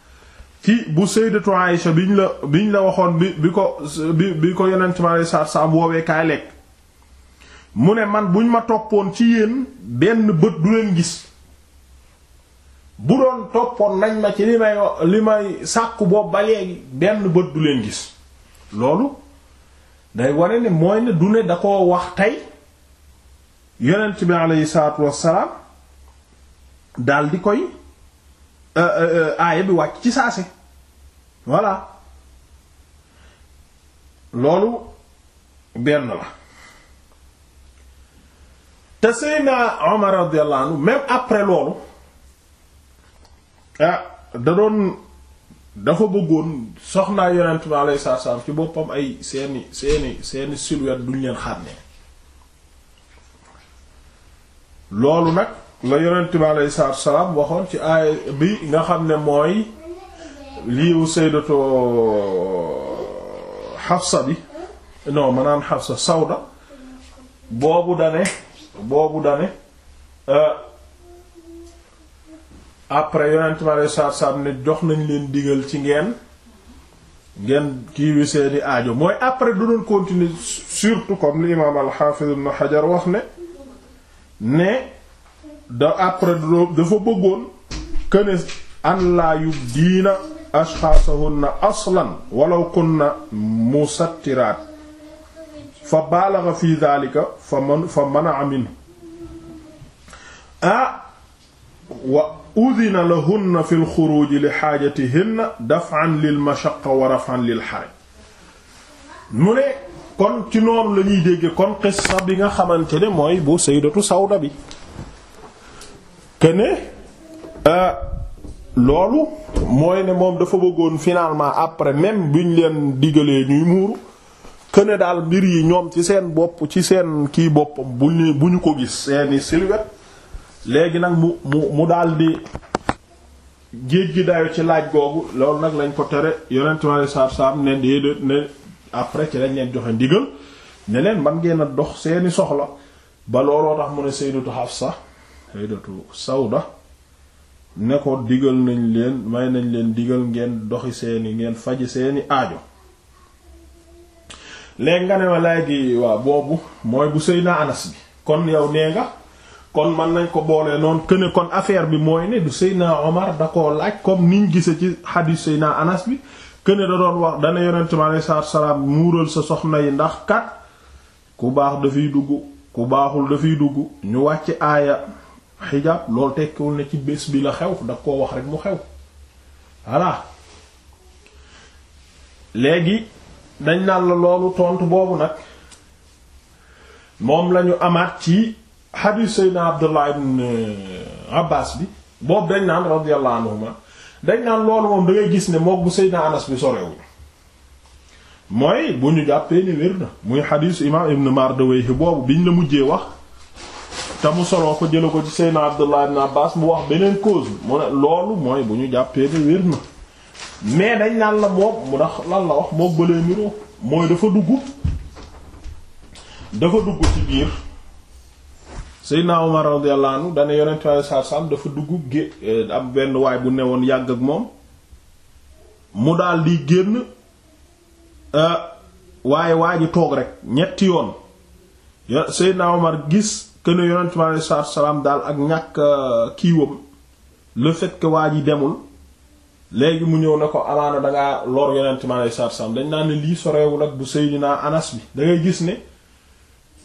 Speaker 1: ci bu sayyidatu Aïsha biñ la biñ la waxoon bi bi ko bi bi ko yonent mi alayhi salaatu salaam woowee kaay lekk mu ne man buñ ma toppoon ci yéen benn bët du leen gis toppoon nañ ma ci li may li benn bët du leen gis loolu day ware ne mooy ne du ne da ko wax tey yonent bi aleyhi salaatu wassalaam dal di koy euh, euh, euh, aaya bi wàcc ci saase voilà loolu benn la te Seydina Omar radiyallahu anhu même après loolu ah da doon dafa bëggoon soxnaa yonent bi alayhi salaam ci boppam ay seeni seeni seeni silhouette duñ leen xàmmee loolu nag la yonent bi alayhi salaam waxoon ci aaya bi nga xam ne mooy liiwu sayyidatu Xafsa uh, bi non manaan Xafsa Sawda boobu dane boobu dane uh, après yonent mi alei saatu salaam jox nañ leen digal ci ngeen ngeen kii wi seeni aajo mooy après du doon continuer surtout comme l'imam al-Hafiz Ibn Hajar wax ne ne da après dafa bëggoon këne an diina ashxaasahunna aslan walaw kunna musattiraat fa baalaxa fi daalika fa man fa mana'a minhu wa udina lahunna fi lxuruji li xaajatihinna daf'an lil mashaqqa wa raf'an lil xaraj mu ne kon ci noonu la ñuy dégge bi nga xamante ne mooy bu saydatu sawda bi euh, loolu mooy ne moom dafa bëggoon finalement après même biñ leen digalee ñuy muuru këne daal mbir yi ñoom ci seen bopp ci seen kii boppam bu ñu bu ñu ko gis seeni silhouette léegi nag mu mu mu daal di géej gi dayo ci laaj googu loolu nag lañ ko tere yonent male saab-saab ne déedéet ne après ci lañ leen joxe ndigal ne leen man ngeen a dox seeni soxla ba looloo tax mu ne Sayyidatu Hafsa Sayyidatu Sawda ne ko digal nañ leen may nañ leen digal ngeen doxi seeni ngeen faji seeni aajo léegi nga ne ma léegi waa boobu mooy bu sëy na anas bi kon yow nee nga kon mën nañ ko boolee noon këne kon affaire bi mooy ne du sëyna Omar da koo laaj comme niñ gise ci xadiis sëyna anas bi këne da wax dana yonent mi aleyhi salaatu muural sa soxna yi ndax kat ku baax dafay dugg ku baaxul dafay dugg ñu wàcc aaya xijaab lool tekkiwul ne ci bés bi la xew da koo wax rek mu xew voilà léegi dañ naan la loolu tontu boobu nag moom lañu amaat ci xadiis Seydina Abdullah ibn Abbas bi boobu dañ naan radiyallahu anhuma dañ naan loolu moom da gis ne mook bu Seydina Anas bi sorewul mooy bu ñu jàppee ni wér na muy xadiis imaam Ibn Mardawayhi boobu biñ la mujjee wax te mu soloo ko jëla ko ci Seydina Abdullah ibn Abbas mu wax beneen cause loolu mooy bu ñu jàppee ne wér na mais dañ naan la moom mu ndax lan la wax moo bëlee niroo mooy dafa dugg dafa dugg ci biir Seydina Umar radiyallahu anhu dane yonent bi dafa dugg gé eh, am benn waay bu newoon yàgg ak moom mu daal di génn eh, waaye waa ji toog rek ñetti yoon Seydina Umar gis kën a yonent bi alei salaam daal ak ñàkk euh, kiiwam le fait que waa ji demul léegi mu ñëw ne ko amaana dangaa lor yonent bi alei salaam dañ naan ne lii sorewul nag bu Seydina Anas bi da ngay gis ne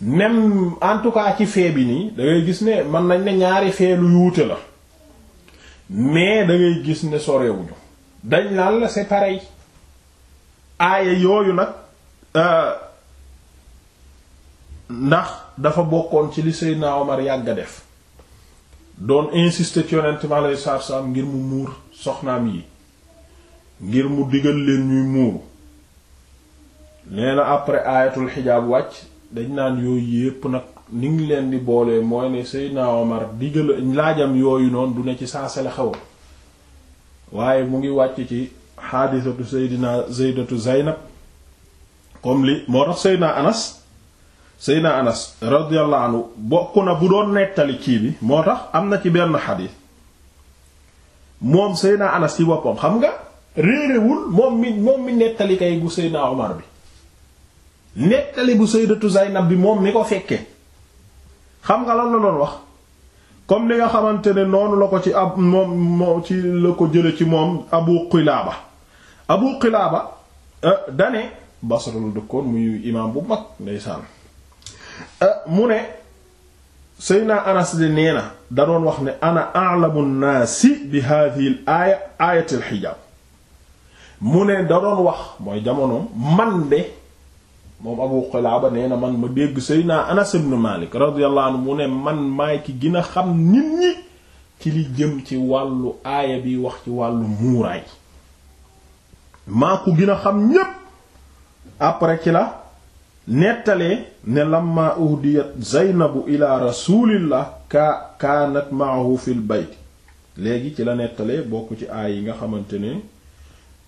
Speaker 1: même en tout cas ci fee bi nii da ngay gis ne man nañ ne ñaari fee lu wuute la mais da ngay gis ne sorewuñu dañ naan la c'est pareil aaya yooyu nag euh, ndax dafa bokkoon ci li Seydina Omar yàgg def doon insister ci yonent mi alayhi salaatu ngir mu muur soxnaam yi ngir mu digal leen ñuy muuru nee na après ayatul xijaab wàcc dañ naan yooyu yépp nag ni ngi leen di boolee mooy ne Seydina Omar digal laajam yooyu noonu du ne ci saa sele xew waaye mu ngi wàcc ci xaadisatu Seydina Zeydatu Zeynab comme li moo tax Seydina Anas Seydina Anas radiyallahu bokk na bu doon nettali kii bi moo tax am na ci benn xadiis moom Seydina Anas ci boppam xam nga réerewul moom mi moom mi nettali kay bu Seydina Omar bi nettali bu Sayyidatu Zaynab bi moom mi ko fekkee xam nga lan la doon wax comme ni nga xamante ne noonu la ko ci ab moom moo ci la ko jële ci moom Abu Qilaaba Abu Qilaaba euh, dane Basra la dëkkoon muy imaam bu mag ndeysaan Euh, mu ne Seydina Anas di nee na da doon wax ne ana a'lamu nnaasi bi hadhihi l aaya aayati l xijaab mu ne da doon wax mooy jamonoom man de moom Abu Qilaaba nee na man ma dégg Seydina Anas ibn Malik radiyallahu anhu mu ne man maay ki gën xam nit ñi ci li jëm ci wàllu aaya bi wax ci wàllu muuraay maa ko gën xam ñépp après ci la nettalee ne lamma uhdiyat zaynabu ila rasulillah ka kaanat maahu fil bayt léegi ci la nettalee bokk ci aay yi nga xamante ne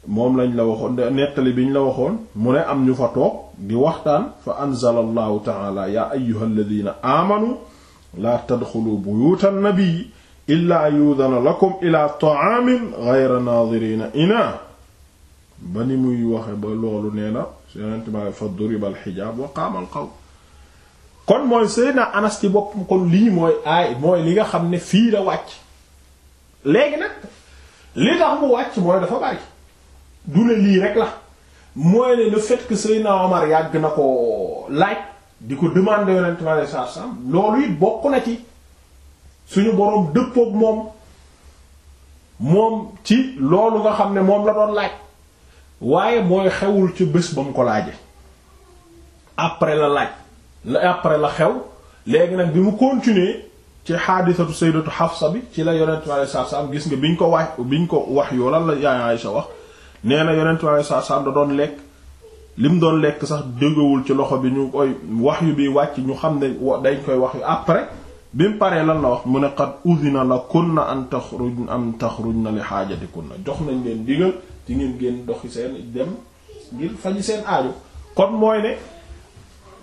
Speaker 1: moom lañ la waxoon nettali biñ la waxoon mu ne am ñu fa toog di waxtaan fa anzala allahu taala yaa ayyuha alladina aamanu laa tadxulu buyuta annabii illaa yuudana lakum ila taamin geyra nadirina ina ba ni muy waxe ba loolu nee na yonent ma fa duriba al xijaab wa qaama al qawm kon mooy Seydina Anas ci boppam ko lii mooy aay mooy li nga xam ne fii la wàcc léegi nag li tax mu wàcc mooy dafa bari du ne lii rek la mooy ne le fait que Seydina Omar yàgg na ko laaj di ko demander yonent ma alayhi salaatu loolu it bokk na ci suñu boroom dëppook moom moom ci loolu nga xam ne moom la doon laaj waaye mooy xewul ci bés ba mu ko laaje après la laaj la après la xew léegi nag bi mu continuer ci xaadisatu sayyidatu Hafsa bi ci la yonent bi alayhi salaam gis nga bi biñ ko wax ñu ko wax yoo lan la yaay Aysa wax nee na yonent bi alayhi salaam da doon lekk li mu doon lekk sax dëggawul ci loxo bi ñu koy wax yu bi wàcc ñu xam ne dañ koy wax yu après bi mu paree lan la wax mu ne qad udina na an taxruj am taxruj na li xaajatikunna jox nañ leen digal ci ngeen génn doxi seen dem ngir faji seen aajo kon mooy ne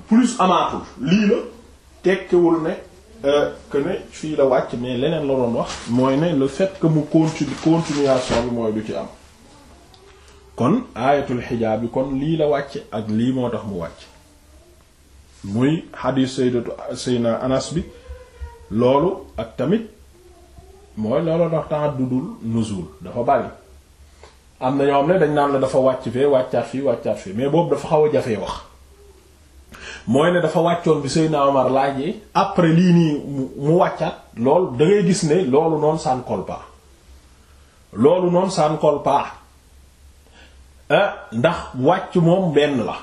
Speaker 1: plus amaatul lii la tekkiwul ne euh, que ne fii la wàcc mais leneen la doon wax mooy ne le fait mu continue bi mooy du ci am kon aayatul xijaab bi kon lii la wàcc ak lii moo tax mu wàcc muy xadiis sayyidatu sayna anas bi loolu ak tamit mooy loolu tax tax duddul nuzul dafa bari am na ñoo xam ne dañ naan la dafa wàcc fee wàccaat fii wàccaat fii mais boobu dafa xaw a jafee wax mooy ne dafa wàccoon bi mar Omar laajee après lii nii mu wàccaat lool dangay gis ne loolu noonu ça ne loolu noonu ça ne colle ah, ndax wàcc moom benn la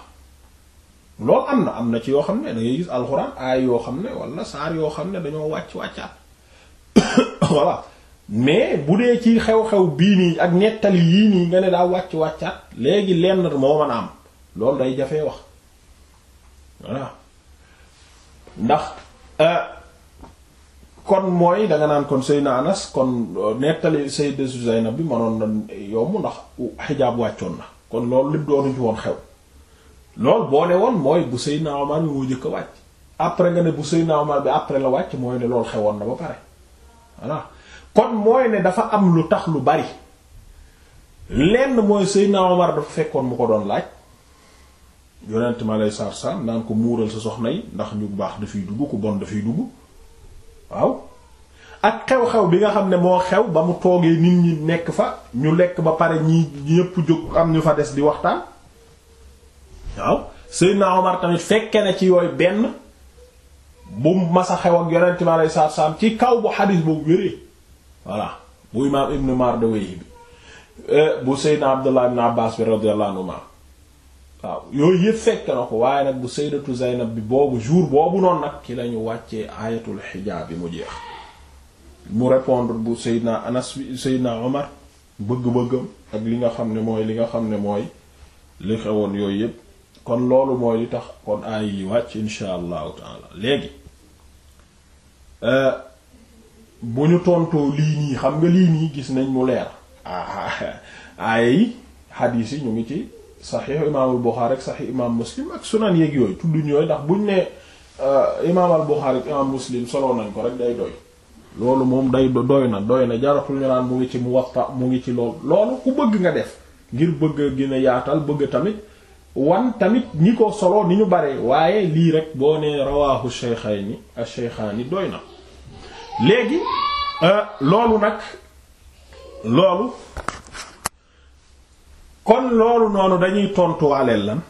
Speaker 1: lool am na am na ci yoo xam ne da gis alxuraan aay yoo xam ne wala saar yoo xam ne dañoo wàcc wàccaat voilà mais bu dee ci xew-xew bii nii ak nettali yii nii nga ne daa wàcc wàccaat léegi lenn moo mën a am loolu day jafee wax voilà ndax euh, kon mooy danga naan kon Seydina Anas kon euh, nettali Sayyida Zaynab bi mënoon na yomb ndax xijaab wàccoon na kon loolu lépp doonu ci woon xew loolu boo woon mooy bu sëy Omar bi moo njëkk a wàcc après nga ne bu Seydina Omar bi après la wàcc mooy ne loolu xewoon na ba pare voilà kon mooy ne dafa am lu tax lu bari lenn mooy Seydina Omar dafa fekkoon mu ko doon laaj yonent ma lay sar naan ko muural sa soxna yi ndax ñu baax dafay dugg ku bon dafay dugg waaw ak xew-xew bi nga xam ne moo xew ba mu toogee nit ñi nekk fa ñu lekk ba pare ñi ñépp jóg am ñu fa des di waxtaan waaw Seydina Omar tamit fekke na ci yooyu benn bu masa xew ak yonent ma lay sar ci kaw bu xadis boobu wéree voilà eh, bu imaam ibn Mardawayhi bi bu seydna Abdullah ibn Abbas bi radiyallahu anhuma waaw yooyu yëpp fekk na ko waaye nag bu seydatu Zaynab bi boobu jour boobu noon nag ki lañu wàccee ayatul xijaab bi mu jeex mu répondre bu seydna Anas bi seydna Omar bëgg-bëggam ak li nga xam ne mooy li nga xam ne mooy li xewoon yooyu yëpp kon loolu mooy li tax kon aay yi wàcc insha allahu taala léegi eh, bu ñu tontoo lii nii xam nga lii nii gis nañ mu leer aaya yi xadiis yi ñu ngi ci saxiix imaamul Buxaari ak saxiix imaam Muslim ak sunan yeeg yooyu tudduñ yooyu ndax buñ ne euh, imaamal Buxaari ak imaam Muslim soloo nañ ko rek day doy loolu moom day doy na doy na jaratul ñu naan mu ngi ci mu Muwatta mu ngi ci loolu loolu ku bëgg nga def ngir bëgg gën a yaatal bëgg tamit wan tamit ñi ko solo ni ñu bare waaye lii rek boo nee rawaahu sheykhayni ash-sheykhani doy na léegi euh, loolu nag loolu kon loolu noonu dañuy tontuwaaleel lan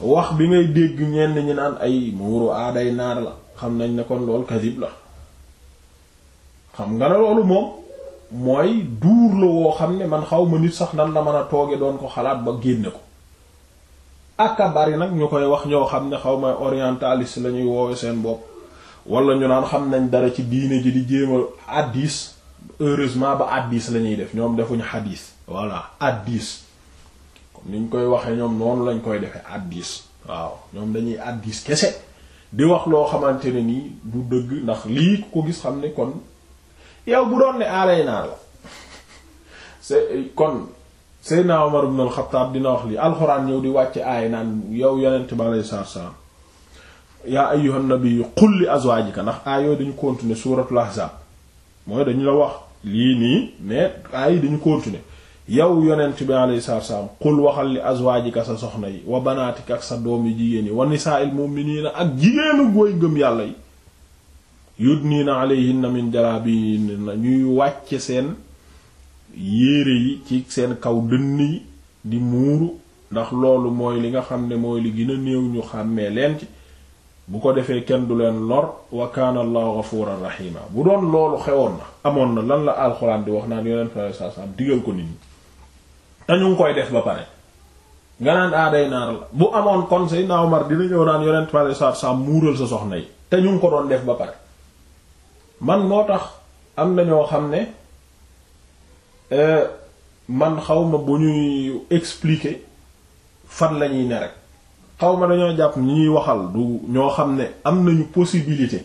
Speaker 1: wax bi ngay dégg ñenn ñi naan ay muuru aaday naar la xam nañ ne kon loolu kadib la xam nga ne loolu moom mooy duur la woo xam ne man xaw ma nit sax nan la mën a tooge doon ko xalaat ba génne ko aka bari nag ñu koy wax ñoo xam ne xaw ma orientaliste lañuy ñuy woowe seen bopp wala ñu naan xam nañ dara ci diine ji di jéem a addis heureusement ba addis la ñuy def ñoom defuñu xadis voilà addis comme niñ koy waxee ñoom noonu lañ koy defee addis waaw ñoom dañuy addis kese di wax loo xamante ne nii du dëgg ndax lii ko gis xam ne kon yow bu doon ne aalay naa la c'est kon ma Omar ibn al-Khattab dina wax lii alxuraan ñëw di wàcc aay naan yow yonent bi alayhi salaam yaa ayyuhan nabiyyu qul li azwaajika ndax aay yooyu dañu continuer suuratul ahzaab mooy dañu la wax lii nii mais aay yi dañu continuer yow yonent bi alayhi salaatu wassalaam qul waxal li azwaajika sa soxna yi wa banaatika ak sa doom yi jigéen yi saa wa nisaa'il mu'miniina ak jigéenu gooy gëm yàlla yi yudniina alayhinna min jalaabiibihinna ñuy wàcce seen yéere yi ci seen kaw dënn yi di muuru ndax loolu mooy li nga xam ne mooy li gën néew ñu xàmmee leen bu ko defee kenn du leen lor wa kaana allahu bu doon loolu xewoon na amoon na lan la alxuraan di wax naan yoneen fa saa saam digal ko nit ñi te ñu ngi koy def ba pare nga naan aaday naar la bu amoon kon Seydina Omar dina ñëw naan yoneen fa saa saam muural sa soxna yi te ñu ngi ko doon def ba pare man moo tax am na ñoo xam ne euh, man xawma bu ñuy expliké fan lañuy ne rek xaw ma dañoo jàpp ñi ñuy waxal du ñoo xam ne am nañu possibilité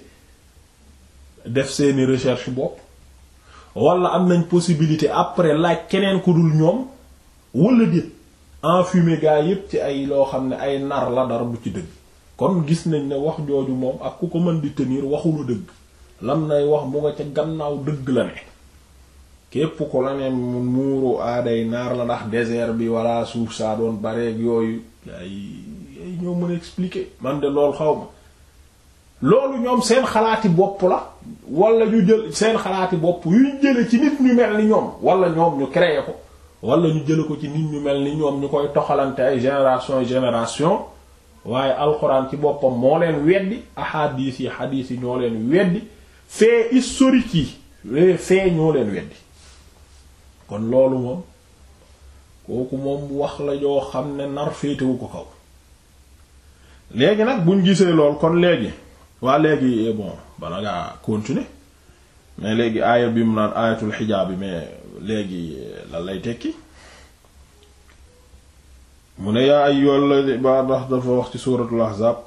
Speaker 1: def seeni recherche bopp wala am nañ possibilité après laaj keneen ku dul ñoom wala en enfumé gaa yépp ci ay loo xam ne ay nar la dara bu ci dëgg kon gis nañ ne wax jooju moom ak ku ko mën di tenir waxulu dëgg lam nay wax mu nga ca gannaaw dëgg la ne képp ko la ne mu muuru aaday naar la ndax désert bi wala suuf saa doon bareeg yooyu ay ñoo mën a expliquer man de loolu xaw ma loolu ñoom seen xalaati bopp la wala ñu jël seen xalaati bopp yu ñu jële ci nit ñu mel ni ñoom wala ñoom ñu créé ko ñu jële ko ci nit ñu mel ni ñoom ñu koy toxalante ay génération génération waaye alxuraan ci boppam moo leen weddi ahadis yi hadis yi ñoo leen weddi fait historique yi les ñoo leen weddi kon loolu moom kooku moom wax la ñoo xam ne nar féetewu ko kaw léegi nag buñ gisee lool kon léegi waa léegi eh, bon bala ngaa continuer mais léegi aaya bi mu naan aayatul xijaab bi mais léegi eh, lan lay tekki mu ne yaa ay yolla ba ndax dafa wax ci suuratul ahzaab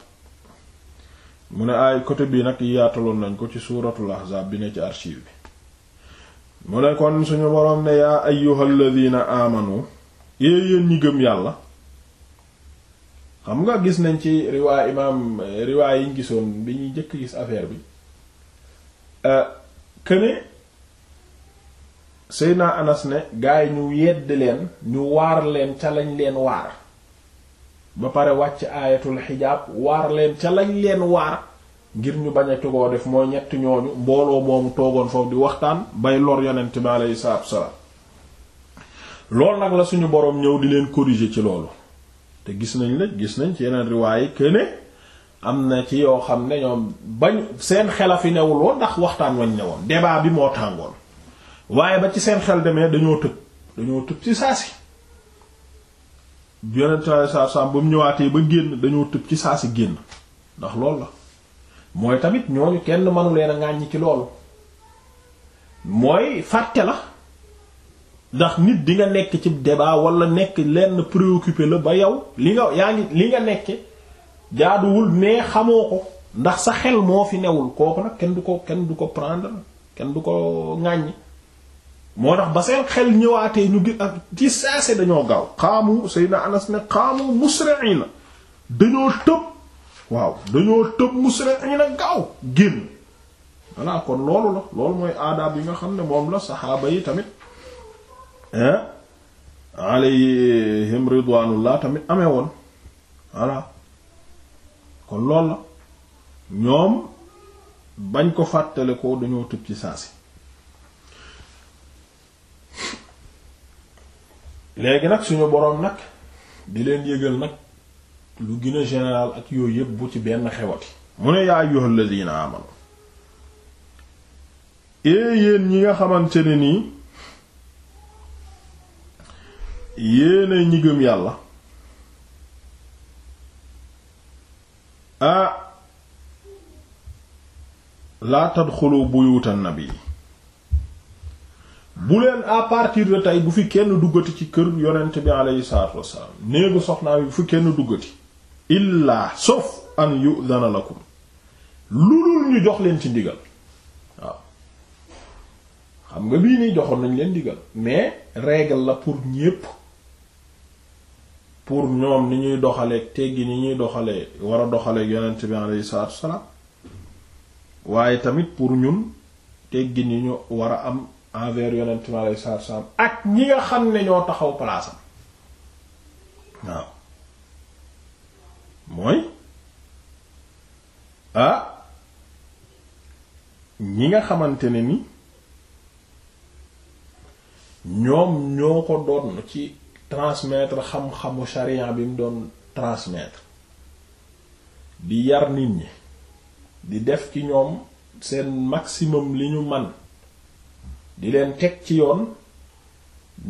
Speaker 1: mu ne aay côté bii nag yaataloon nañ ko ci suuratul ahzaab bi ne ci archive bi mu ne kon suñu boroom ne yaa ayyuhal ladina amanu yéen ñi gëm yàlla xam nga gis nañ ci riwaay imaam riwaay yi gisoon bi ñuy njëkk gis affaire bi këne euh, Seydina Anas ne gaa yi ñu yedd leen ñu waar leen ca lañ leen waar ba pare wàcc aayatul xijaab waar leen ca lañ leen waar ngir ñu bañ a tugoo def mooy ñett ñooñu mbooloo moomu toogoon foofu di waxtaan bay lor yonent bi alay salaatu wa salaam loolu nag la suñu boroom ñëw di leen corriger ci loolu te gis nañ la gis nañ ci yeneen riwaay que ne am na ci yoo xam ne ñoom bañ seen xela fi newul woon ndax waxtaan wañ ne woon débat bi moo tàngoon waaye ba ci seen xel demee dañoo tëb dañoo tëb ci saasi si alayhi salaam ba mu ñëwaatee ba génn dañoo tëb ci saasi génn ndax loolu la mooy tamit ñooñu kenn mënu leen a ŋàññi ci loolu mooy fàtte la ndax nit di nga nekk ci débat walla nekk lenn préoccupé la ba yow li nga yaa ngi li nga nekke jaaduwul mais xamoo ko ndax sa xel moo fi newul kooku nag kenn du ko kenn du ko prendre kenn du ko ŋàññ moo tax ba seen xel ñëwaatee ñu gis ak ci saase dañoo gaaw xaamu Seydina Anas ne xaamu musri'ina dañoo tëb waaw dañoo tëb musri'ina gaaw génn voilà kon loolu la loolu mooy aadaab yi nga xam ne moom la saxaaba yi tamit alayhim ridwanullah tamit amee woon voilà kon lool la ñoom bañ ko fàttale ko dañoo tëb ci saa si léegi nag suñu boroom nag di leen yëgal nag lu gën a général ak yooyu yëpp bu ci benn xewati mu ne yaa ayyuhal ladina amanu ee yéen ñi nga xamante ne nii yéena ñi gëm yàlla ah laa tadxulu buyutan nabi bu leen à partir de tey bu fi kenn duggati ci kër yonent bi aleyhi salaatu wassalaam néegu soxnaa bi bu fi kenn duggati illaa sof an yu'dana lakum lu dul ñu jox leen ci ndigal waaw xam nga bii nii joxoon nañ leen digal mais règle la pour ñépp pour ñoom ni ñuy doxaleeg teggi ni ñuy doxalee war a doxaleeg yonent bi alayhi salaatu wassalaam waaye tamit pour ñun teggi ni ñu war a am envers yonent bi alayhi salaatu wassalaam ak ñi nga xam ne ñoo taxaw palaasam waaw mooy ah ñi nga xamante ne ni ñoom ñoo ko doon ci transmettre xam-xamu sharia bi mu doon transmettre di yar nit ñi di def ci ñoom seen maximum li ñu man di leen teg ci yoon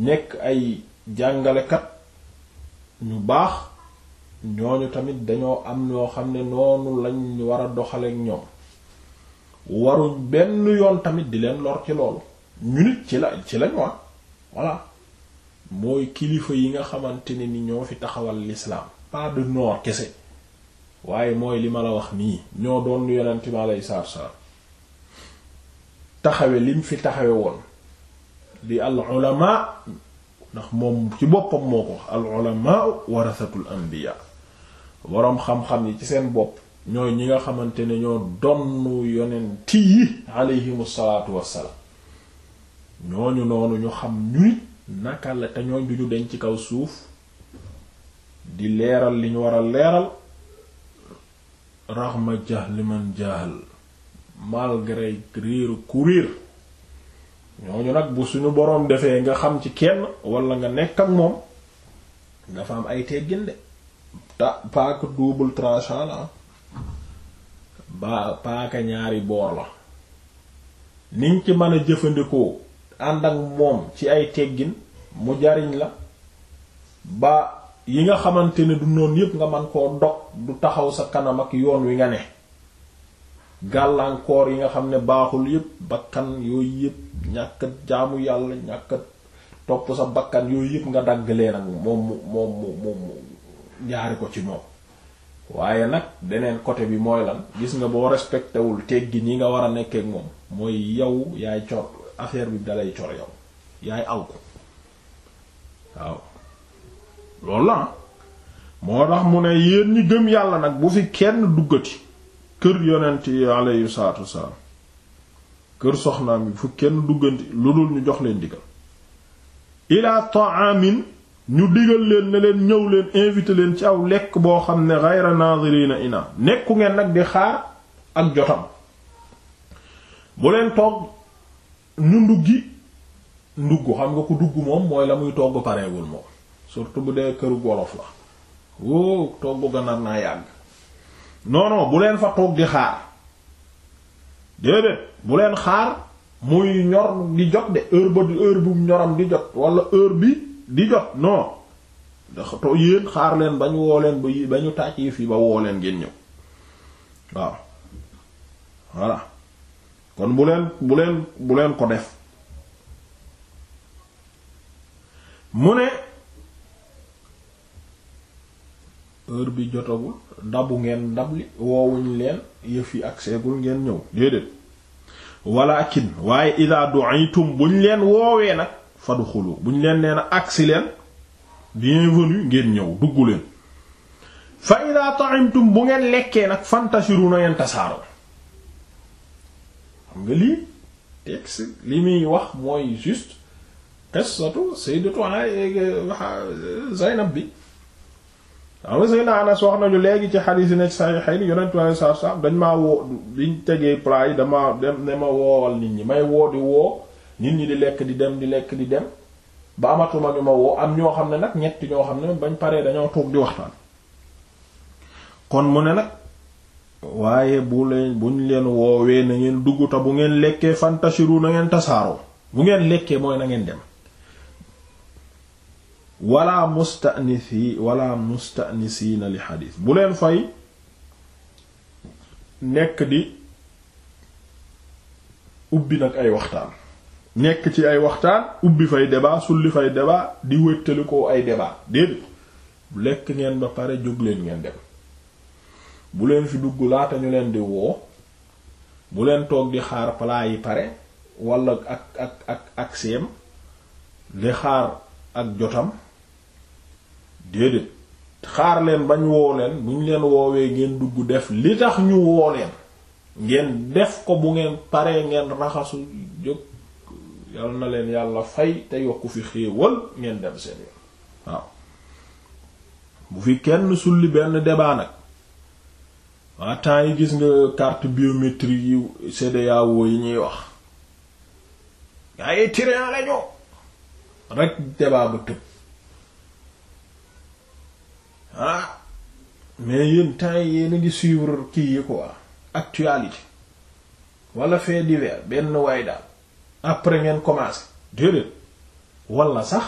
Speaker 1: nekk ay jàngalekat ñu baax ñooñu tamit dañoo am yoo xam ne noonu lañ war a doxaleek ñoom waruñ benn yoon tamit di leen lor ci loolu ñu nit ci la ci lañ wax ah, voilà mooy kilifa yi nga xamante ne ni ñoo fi taxawal lislaam pas de kese waaye mooy li ma la wax nii ñoo doon yonent bi alayhi salaatu salaam taxawe lim fi taxawe woon di al ulama ndax moom ci boppam moo ko wax al ulama warasatul anbiya boroom xam-xam yi ci seen bopp ñooy ñi nga xamante ne ñoo donn yonent yi alayhimu salaatu wassalaam ñooñu noonu ñu xam ñu nit naka la te ñooñ duñu deñ ci kaw suuf di leeral liñ ñu war a leeral raxma jahli man jahal malgré riiru kuriir ñooñu nag bu suñu boroom defee nga xam ci kenn wala nga nekk ak moom dafa am ay teggin de ta paaka double tranchant ba paaka ñaari boor la niñ ci mën a jëfandikoo ànd ak moom ci ay teggin mu jariñ la ba yi nga xamante ne du noon yépp nga man koo dog du taxaw sa kanam ak yoon wi nga ne gàllankoor yi nga xam ne baaxul yépp bakkan yooyu yépp ñàkk jaamu yàlla ñàkk topp sa bakkan yooyu yépp nga dagg leen ak moom mu moom mu moom mu jaari ko ci moom waaye nag beneen côté bi mooy lan gis nga boo respecté wul teggi ñi nga war a nekkeek moom mooy yow yaay cor affaire bi dalay cor yow yaay aw waaw loolu la ah. moo tax mu ne yéen ñi gëm yàlla nag bu fi kenn duggati kër yonent yi alayhi salaatu wassalaam kër soxnaam bi fu kenn dugganti lu dul ñu jox leen digal ila ta'amin ñu digal leen ne leen ñëw leen invité leen ci aw lekk boo xam ne ghayra naazirina ina nekku ngeen nag di xaar ak jotam bu leen toog ñu nduggi ndugg xam nga ku dugg moom mooy la muy togg pareewul moom surtout bu dee këru wolof la woo togg ganar naa yàgg non non bu leen fa toog di xaar déedéet bu leen xaar muy ñor di jot de heure ba heure bu ñoram di jot wala heure bi di jot non ndax to yéen xaar leen bañ woo leen ba ba ñu tàcc yi fii ba woo leen ngeen ñëw waaw voilà kon bu leen bu leen bu leen ko def mu ne heure bi jotagul dabu ngeen dab li woowuñ leen yëf yi ak seegul ngeen ñëw déedéet walakin waaye ida du'itum buñ leen woowee nag fadxulu buñ leen nee na agsi leen bienvenue ngeen ñëw dugg leen fa ida ta'imtum bu ngeen lekkee nag fantashiru na ngeen tasaaroo nga lii texte li muy wax mooy juste qissatu sayyidatu euh, Zaynab bi xam nga Seydina Anas wax nañu léegi ci xadiis yi ne saxiixayn yonent bi alayhi salaatu salaam dañ ma woo biñ tegee plat yi dama dem ne ma woowal nit ñi may woo di woo nit ñi di lekk di dem di lekk di dem ba amatuma ñu ma woo am ñoo xam ne nag ñetti ñoo xam ne bañ paree dañoo toog di waxtaan kon mu ne nag waaye bu leen buñ leen woowee na ngeen dugg bu ngeen lekkee fantasiru na ngeen tasaaroo bu ngeen lekkee mooy na ngeen dem wala mustanisi wala mustanisiina li xadiis bu leen fay nekk di ubbi nag ay waxtaan nekk ci ay waxtaan ubbi fay débat sulli fay débat di wéttali ko ay débat déedéet lekk ngeen ba pare jóg ngeen dem bu leen fi dugg laata ñu leen di woo bu leen toog di xaar palaa yi pare wala ak ak ak ak seem di xaar ak jotam déedéet xaar leen bañ woo leen bu ñu leen woowee ngeen dugg def li tax ñu woo leen ngeen def ko bu ngeen pare ngeen raxasu jóg yal na leen yàlla fay te yokku fi xéewal ngeen dem seen yoon waaw bu fi kenn sulli benn débat waa temps yi gis nga carte biométrique yi CEDEAO yi ñuy wax gaa yi lañu rek débat ba tëb ah mais yéen temps yi yéen a ngi suivre kii yi quoi actualité wala fait divers benn waay daal après ngeen commencé déedéet wala sax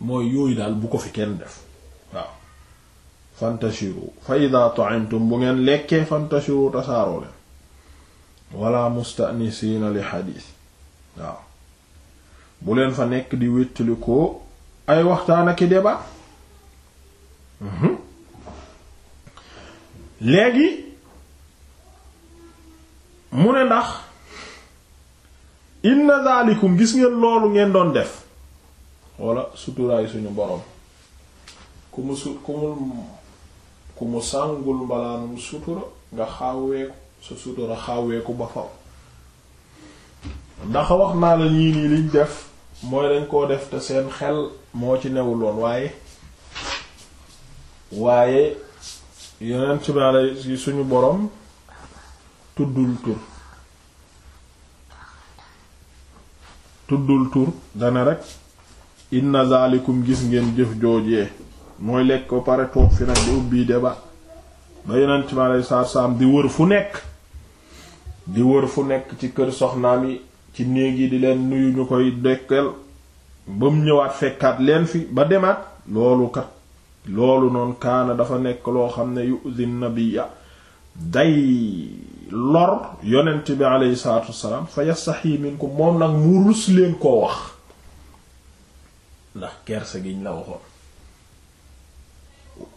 Speaker 1: mooy yooyu daal bu ko fi kenn def fantashiru fa ida ta'imtum bu ngeen lekkee fantashiru tasaaroo leen wala li xadiis waaw bu leen fa nekk di wéttali ay waxtaan ak i débat mhm. léegi mu ne ndax inna daalikum gis ngeen loolu ngeen doon def wala suturaay suñu boroom ku mu su ku mu ku mu sàngul mbalaanum sutura nga xawweeku sa sutura xawweeku ba faw ndax wax naa la ñii nii liñ def mooy dañ koo def te seen xel moo ci newuloon waaye waaye yeneen tubaab yi suñu boroom tuddul tur tuddul tur dana rek inna zalikum gis ngeen jëf joojee mooy lekk ba pare toog fi nag di ubbi de ba ba yeneen ci ma lay di wër fu nekk di wër fu nekk ci kër soxnaam yi ci néeg yi di leen nuyu ñu koy dekkel ba mu ñëwaat fekkaat leen fi ba demaat loolu kat loolu noon kaana dafa nekk loo xam ne yu'zi nabiyya day lor yonent bi aleyhi salaatu wassalaam fa yastaxyi minkum moom nag mu rus leen koo wax ndax kersa giñ la waxoon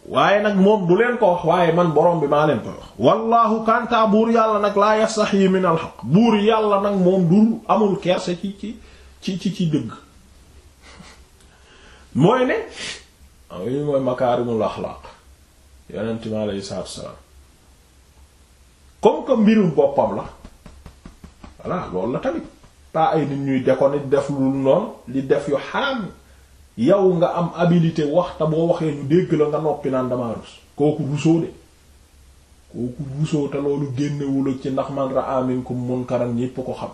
Speaker 1: waaye nag moom du leen ko wax waaye man borom bi maa leen koy wax wallahu kanta buur yàlla nag laa yastaxyi min al xaq buur yàlla nag moom dul amul kersa ci ci ci ci ci dëgg mooy ne ayu mooy makaarimul axlaaq yonent mi aleyhi salaatu wasalaam comme que mbirum boppam la voilà loolu la tamit pas ay nit ñuy de ko nit def lu noonu li def yu xaraam yow nga am abilité wax te boo waxee ñu dégg la nga noppi naan damaa rus kooku rusoo de kooku rusoo te loolu génnewul ci ndax man ra amin ku munkaran ñépp ko xam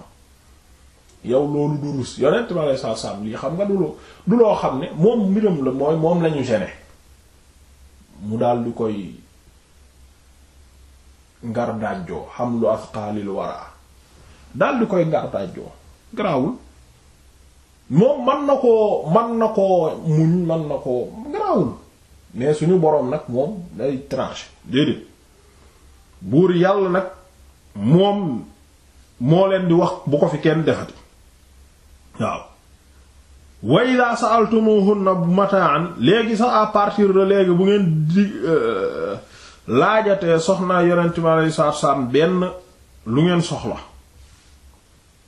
Speaker 1: yow loolu du rus yonent ma lay saa lii xam nga du loo xam ne moom mbiram la mooy moom lañu gene mu daal di koy ngar daajoo xam lu lu waraa daal di koy ngar daajoo garaawul moom man na koo man na koo muñ man na koo garaawul mais suñu boroom nag moom day tranché déedéet buur yàlla nag moom moo leen di wax bu ko fi kenn defati waaw wa ida sa'altumuhunna mata'an léegi sax à partir de léegi bu ngeen di euh, laajatee soxna yonent mi aleyhi salaatu salaam benn lu ngeen soxla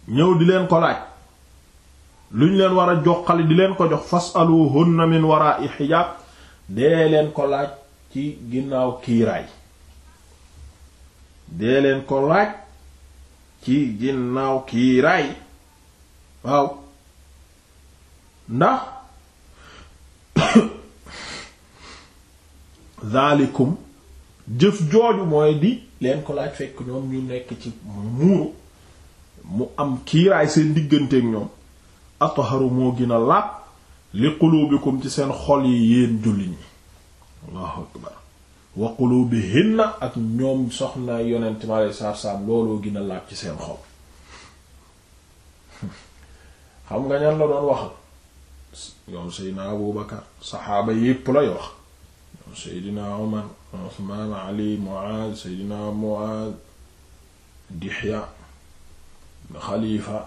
Speaker 1: ñëw di leen ko laaj lu ñu leen war a joxali di leen ko jox fasaluhunna min wara'i hijab dee leen ko laaj ci ginnaaw kiiraay dee leen ko laaj ci ginnaaw kiiraay waaw ndax zaalikum jëf jooju mooy di leen ko laaj fekk ñoom ñu nekk ci muuru mu am kiiraay seen digganteek ñoom atharu moo gën a li quluubikum ci seen xol yi yéen jullit ñi allahu akbar wa quluubihinna ak ñoom soxna yonent mi alayhi salaatu salaam looloo gën a ci seen xol xam nga ñan la doon waxal ñoom seydina abu bakar saxaaba yépp lay wax seydina umar usmaan ali muaaz seydina muaaz dihya xalifa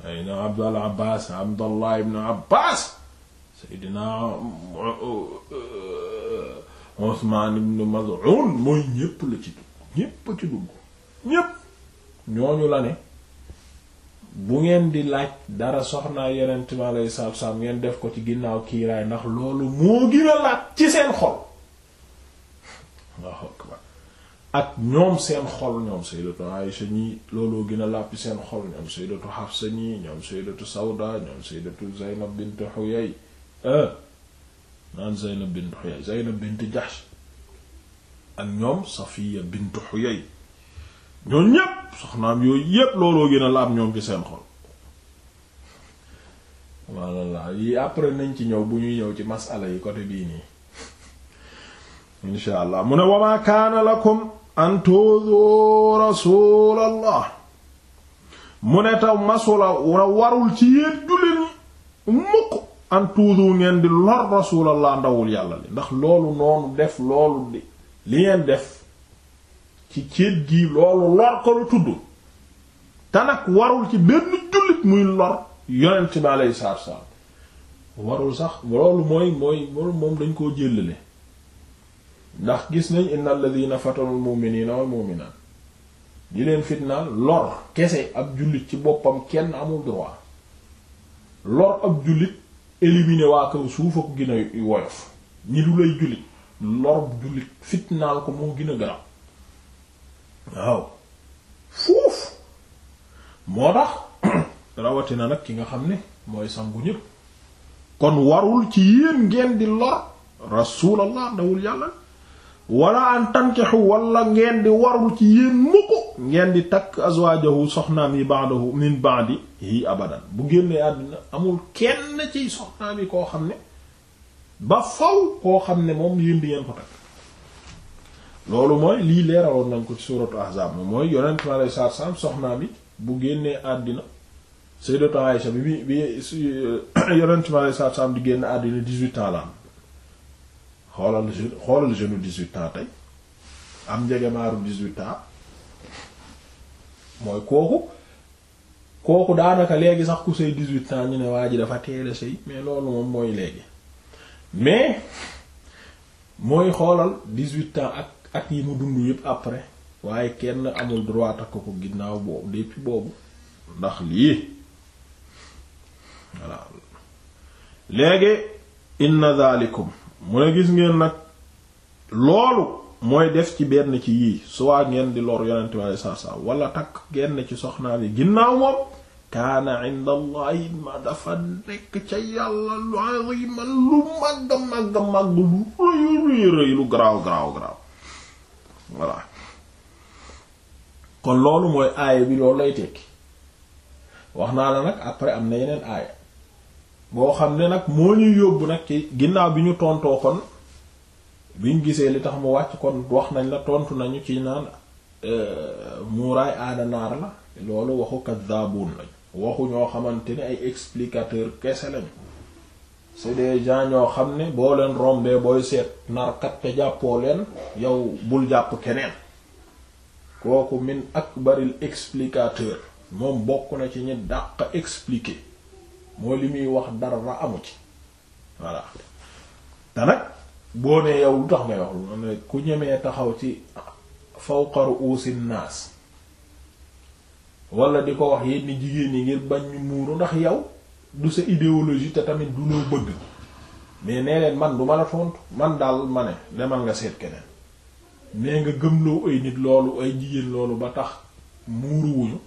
Speaker 1: saydna abdal abbas abdallah ibn abbas saydna uh, usman ibn maz'un mooy ñépp la ci dugg ñépp ci ñooñu la ne bu ngeen di laaj dara soxnaa yenent mi aleyi salatu ngeen def ko ci ginnaaw kiiraay ndax loolu moo gën a laat ci seen xol waaw ak ñoom seen xol ñoom sayyidatu Aisha ñi looloo gën a làppi seen xol ñoom sayyidatu Hafsa ñi ñoom sayyidatu Sawda ñoom sayyidatu Zaynab bint Huyay eh, naan Zaynab bint Huyay Zaynab bint Jahsh ak ñoom Safiya bint Huyay ñoom ñépp soxnaam yooyu yépp looloo gën a laab ñoom ci seen xol walla yi après nañ ci ñëw bu ñuy ñëw ci masala yi côté bii nii insha allah mu ne wamaa kaana lakum an tuudu rasuulallah mu ne taw masula warul ci yéen jullit ñi mukk an tuudu ngeen di lor rasuulallah ndawul yàlla li ndax loolu noonu def loolu di li ngeen def ci céet gi loolu lor ko lu tudd te nag warul ci benn jullit muy lor yonent bi aleyhi salaatu salaam warul sax loolu mooy mooy moom dañ koo jëlale ndax gis nañ innal ladina fatalul mu'minina wal mu'minat di leen fitnaal lor kese ab jullit ci boppam kenn amul droit lor ab jullit éliminer waa kaw suuf ak gën woyof ñi du lay jullit lor jullit fitnaal ko moo gën garab waaw foofu moo tax rawatina nag ki nga xam ni mooy sangu ñëpp kon warul ci yéen ngeen di lor rasulallah dawul yàlla wala an tankixu wala ngeen di warul ci yéen mukk ngeen di takk azwaajahu soxnaam yi ba'dahu min ba'di hi abadan bu génnee àddina amul kenn ci soxnaam yi koo xam ne ba faw koo xam ne moom yéen di ngeen ko takk loolu mooy lii leeraloon nañ ko ci suuratu ahzaab mooy yonent mi alayhi salaatu salaam soxnaam bi bu génnee àddina sayyidatu Aisha bi bi yonent mi alayhi salaatu salaam di génn àddina 18 ans la xoolal jeune xoolal jeune dix-huit ans tey am njegemaaru dix-huit ans mooy kooku kooku daanaka léegi sax ku sëy dix-huit ans ñu ne waa ji dafa teel a sëy mais loolu moom mooy léegi mais mooy xoolal dix-huit ans ak ak yi mu dund yépp après waaye kenn amul droit takk ko ginnaaw boobu depuis boobu ndax lii voilà léegi inna zalikum mu ne gis ngeen nag loolu mooy def ci benn ci yii soit ngeen di lor yonent bi alei satu salaam wala takk genn ci soxnaa bi ginnaaw moom kaana inda allahi ma dafa nekk ca yàlla lu aziman lu màgga màgga màgg lu lu garaaw kon loolu mooy aaya bi loolu lay tekki wax naa la nag après am na yeneen aaya boo xam ne nag moo ñuy yóbbu nag ci ginnaaw bi ñu tontoo kon biñ gisee li tax mu wàcc kon wax nañ la tontu nañu ci naan euh, muuraay aada naar la loolu waxukat kazzabun lañ waxu ñoo xamante ne ay explicateur kese lañ c'est des gens ñoo xam ne boo leen rombee booy seet narkat te jàppoo leen yow bul jàpp keneen kooku min akbaril explicateur moom bokk na ci ñi dàq expliquer mooy li muy wax dara la amu ci voilà te nag boo nee yow lu tax ngay wax lu ne ku ñemee taxaw ci fawqa ru'usin naas wala di ko wax yenn jigéen yi ngir bañ ñu muuru ndax yow du sa idéologie te tamit du loo bëgg mais nee leen man du ma la tontu man daal ma ne demal nga seet keneen mais nga gëmloo ay nit loolu ay jigéen loolu ba tax muuru wuñu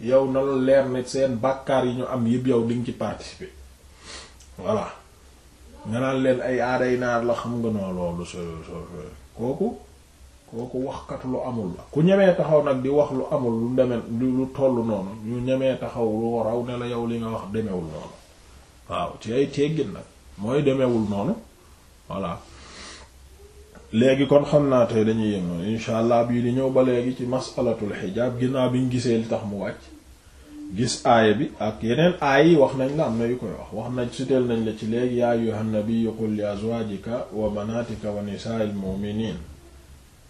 Speaker 1: yow na la leer ne seen bàkkaar yi ñu am yëpp yow di ci participer voilà nga naan leen ay aaday naar la xam nga noo loolu so so kooku kooku waxkat lu amul la ku ñemee taxaw nag di wax lu amul lu deme lu tollu noonu ñu ñemee taxaw lu raw ne la yow li nga wax demewul noonu waaw ci ay teggin nag mooy demewul noonu voilà léegi kon xam naa tey dañu yem noonu incha allah bii di ñëw ba léegi ci masalatul xijaab ginnaaw bi ñu gisee li tax mu wàcc gis aaya bi ak yeneen aay yi wax nañ la am na yu koy wax wax nañ suteel nañ la ci léegi yaa ayyuhan nabiyyu qul li azwaajika wa banaatika wa nisaa'il mu'miniin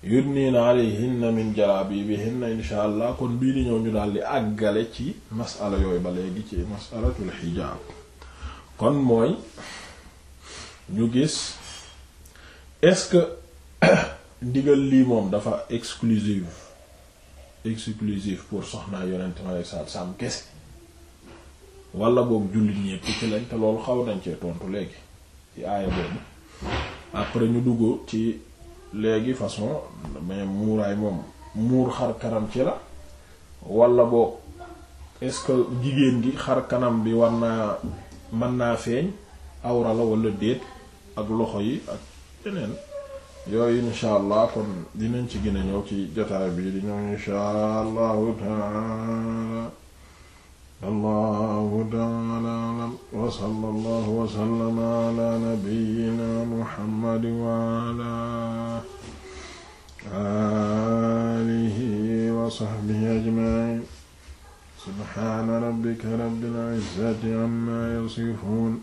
Speaker 1: yudniina alayhinna min jalaabiibihinna incha allah kon bii di ñëw ñu daal di àggale ci masala yooyu ba léegi ci masalatul xijaab kon mooy ñu gis est diggal lii moom dafa exclusive exclusive pour soxna yonent ma lay saat saam kese wala book jullit ñépp ci lañ te loolu xaw nañ cee tontu léegi ci aaya boobu après ñu dugg ci léegi façon mais muuraay moom muur xar kanam ci la wala boog est-ce que jigéen gi xar kanam bi war naa mën naa feeñ awra la déet ak loxo yi ak yeneen yooyu insha allah kon dinañ ci gën a ñëw ci jotaay bi di ñëw insha allahu taala allahu taala alam wa sallallahu wa sallama ala nabiyyina muhammad wa ala alihi wa sahbihi ajma'in subhana rabbika rabbil izzati amma yasifun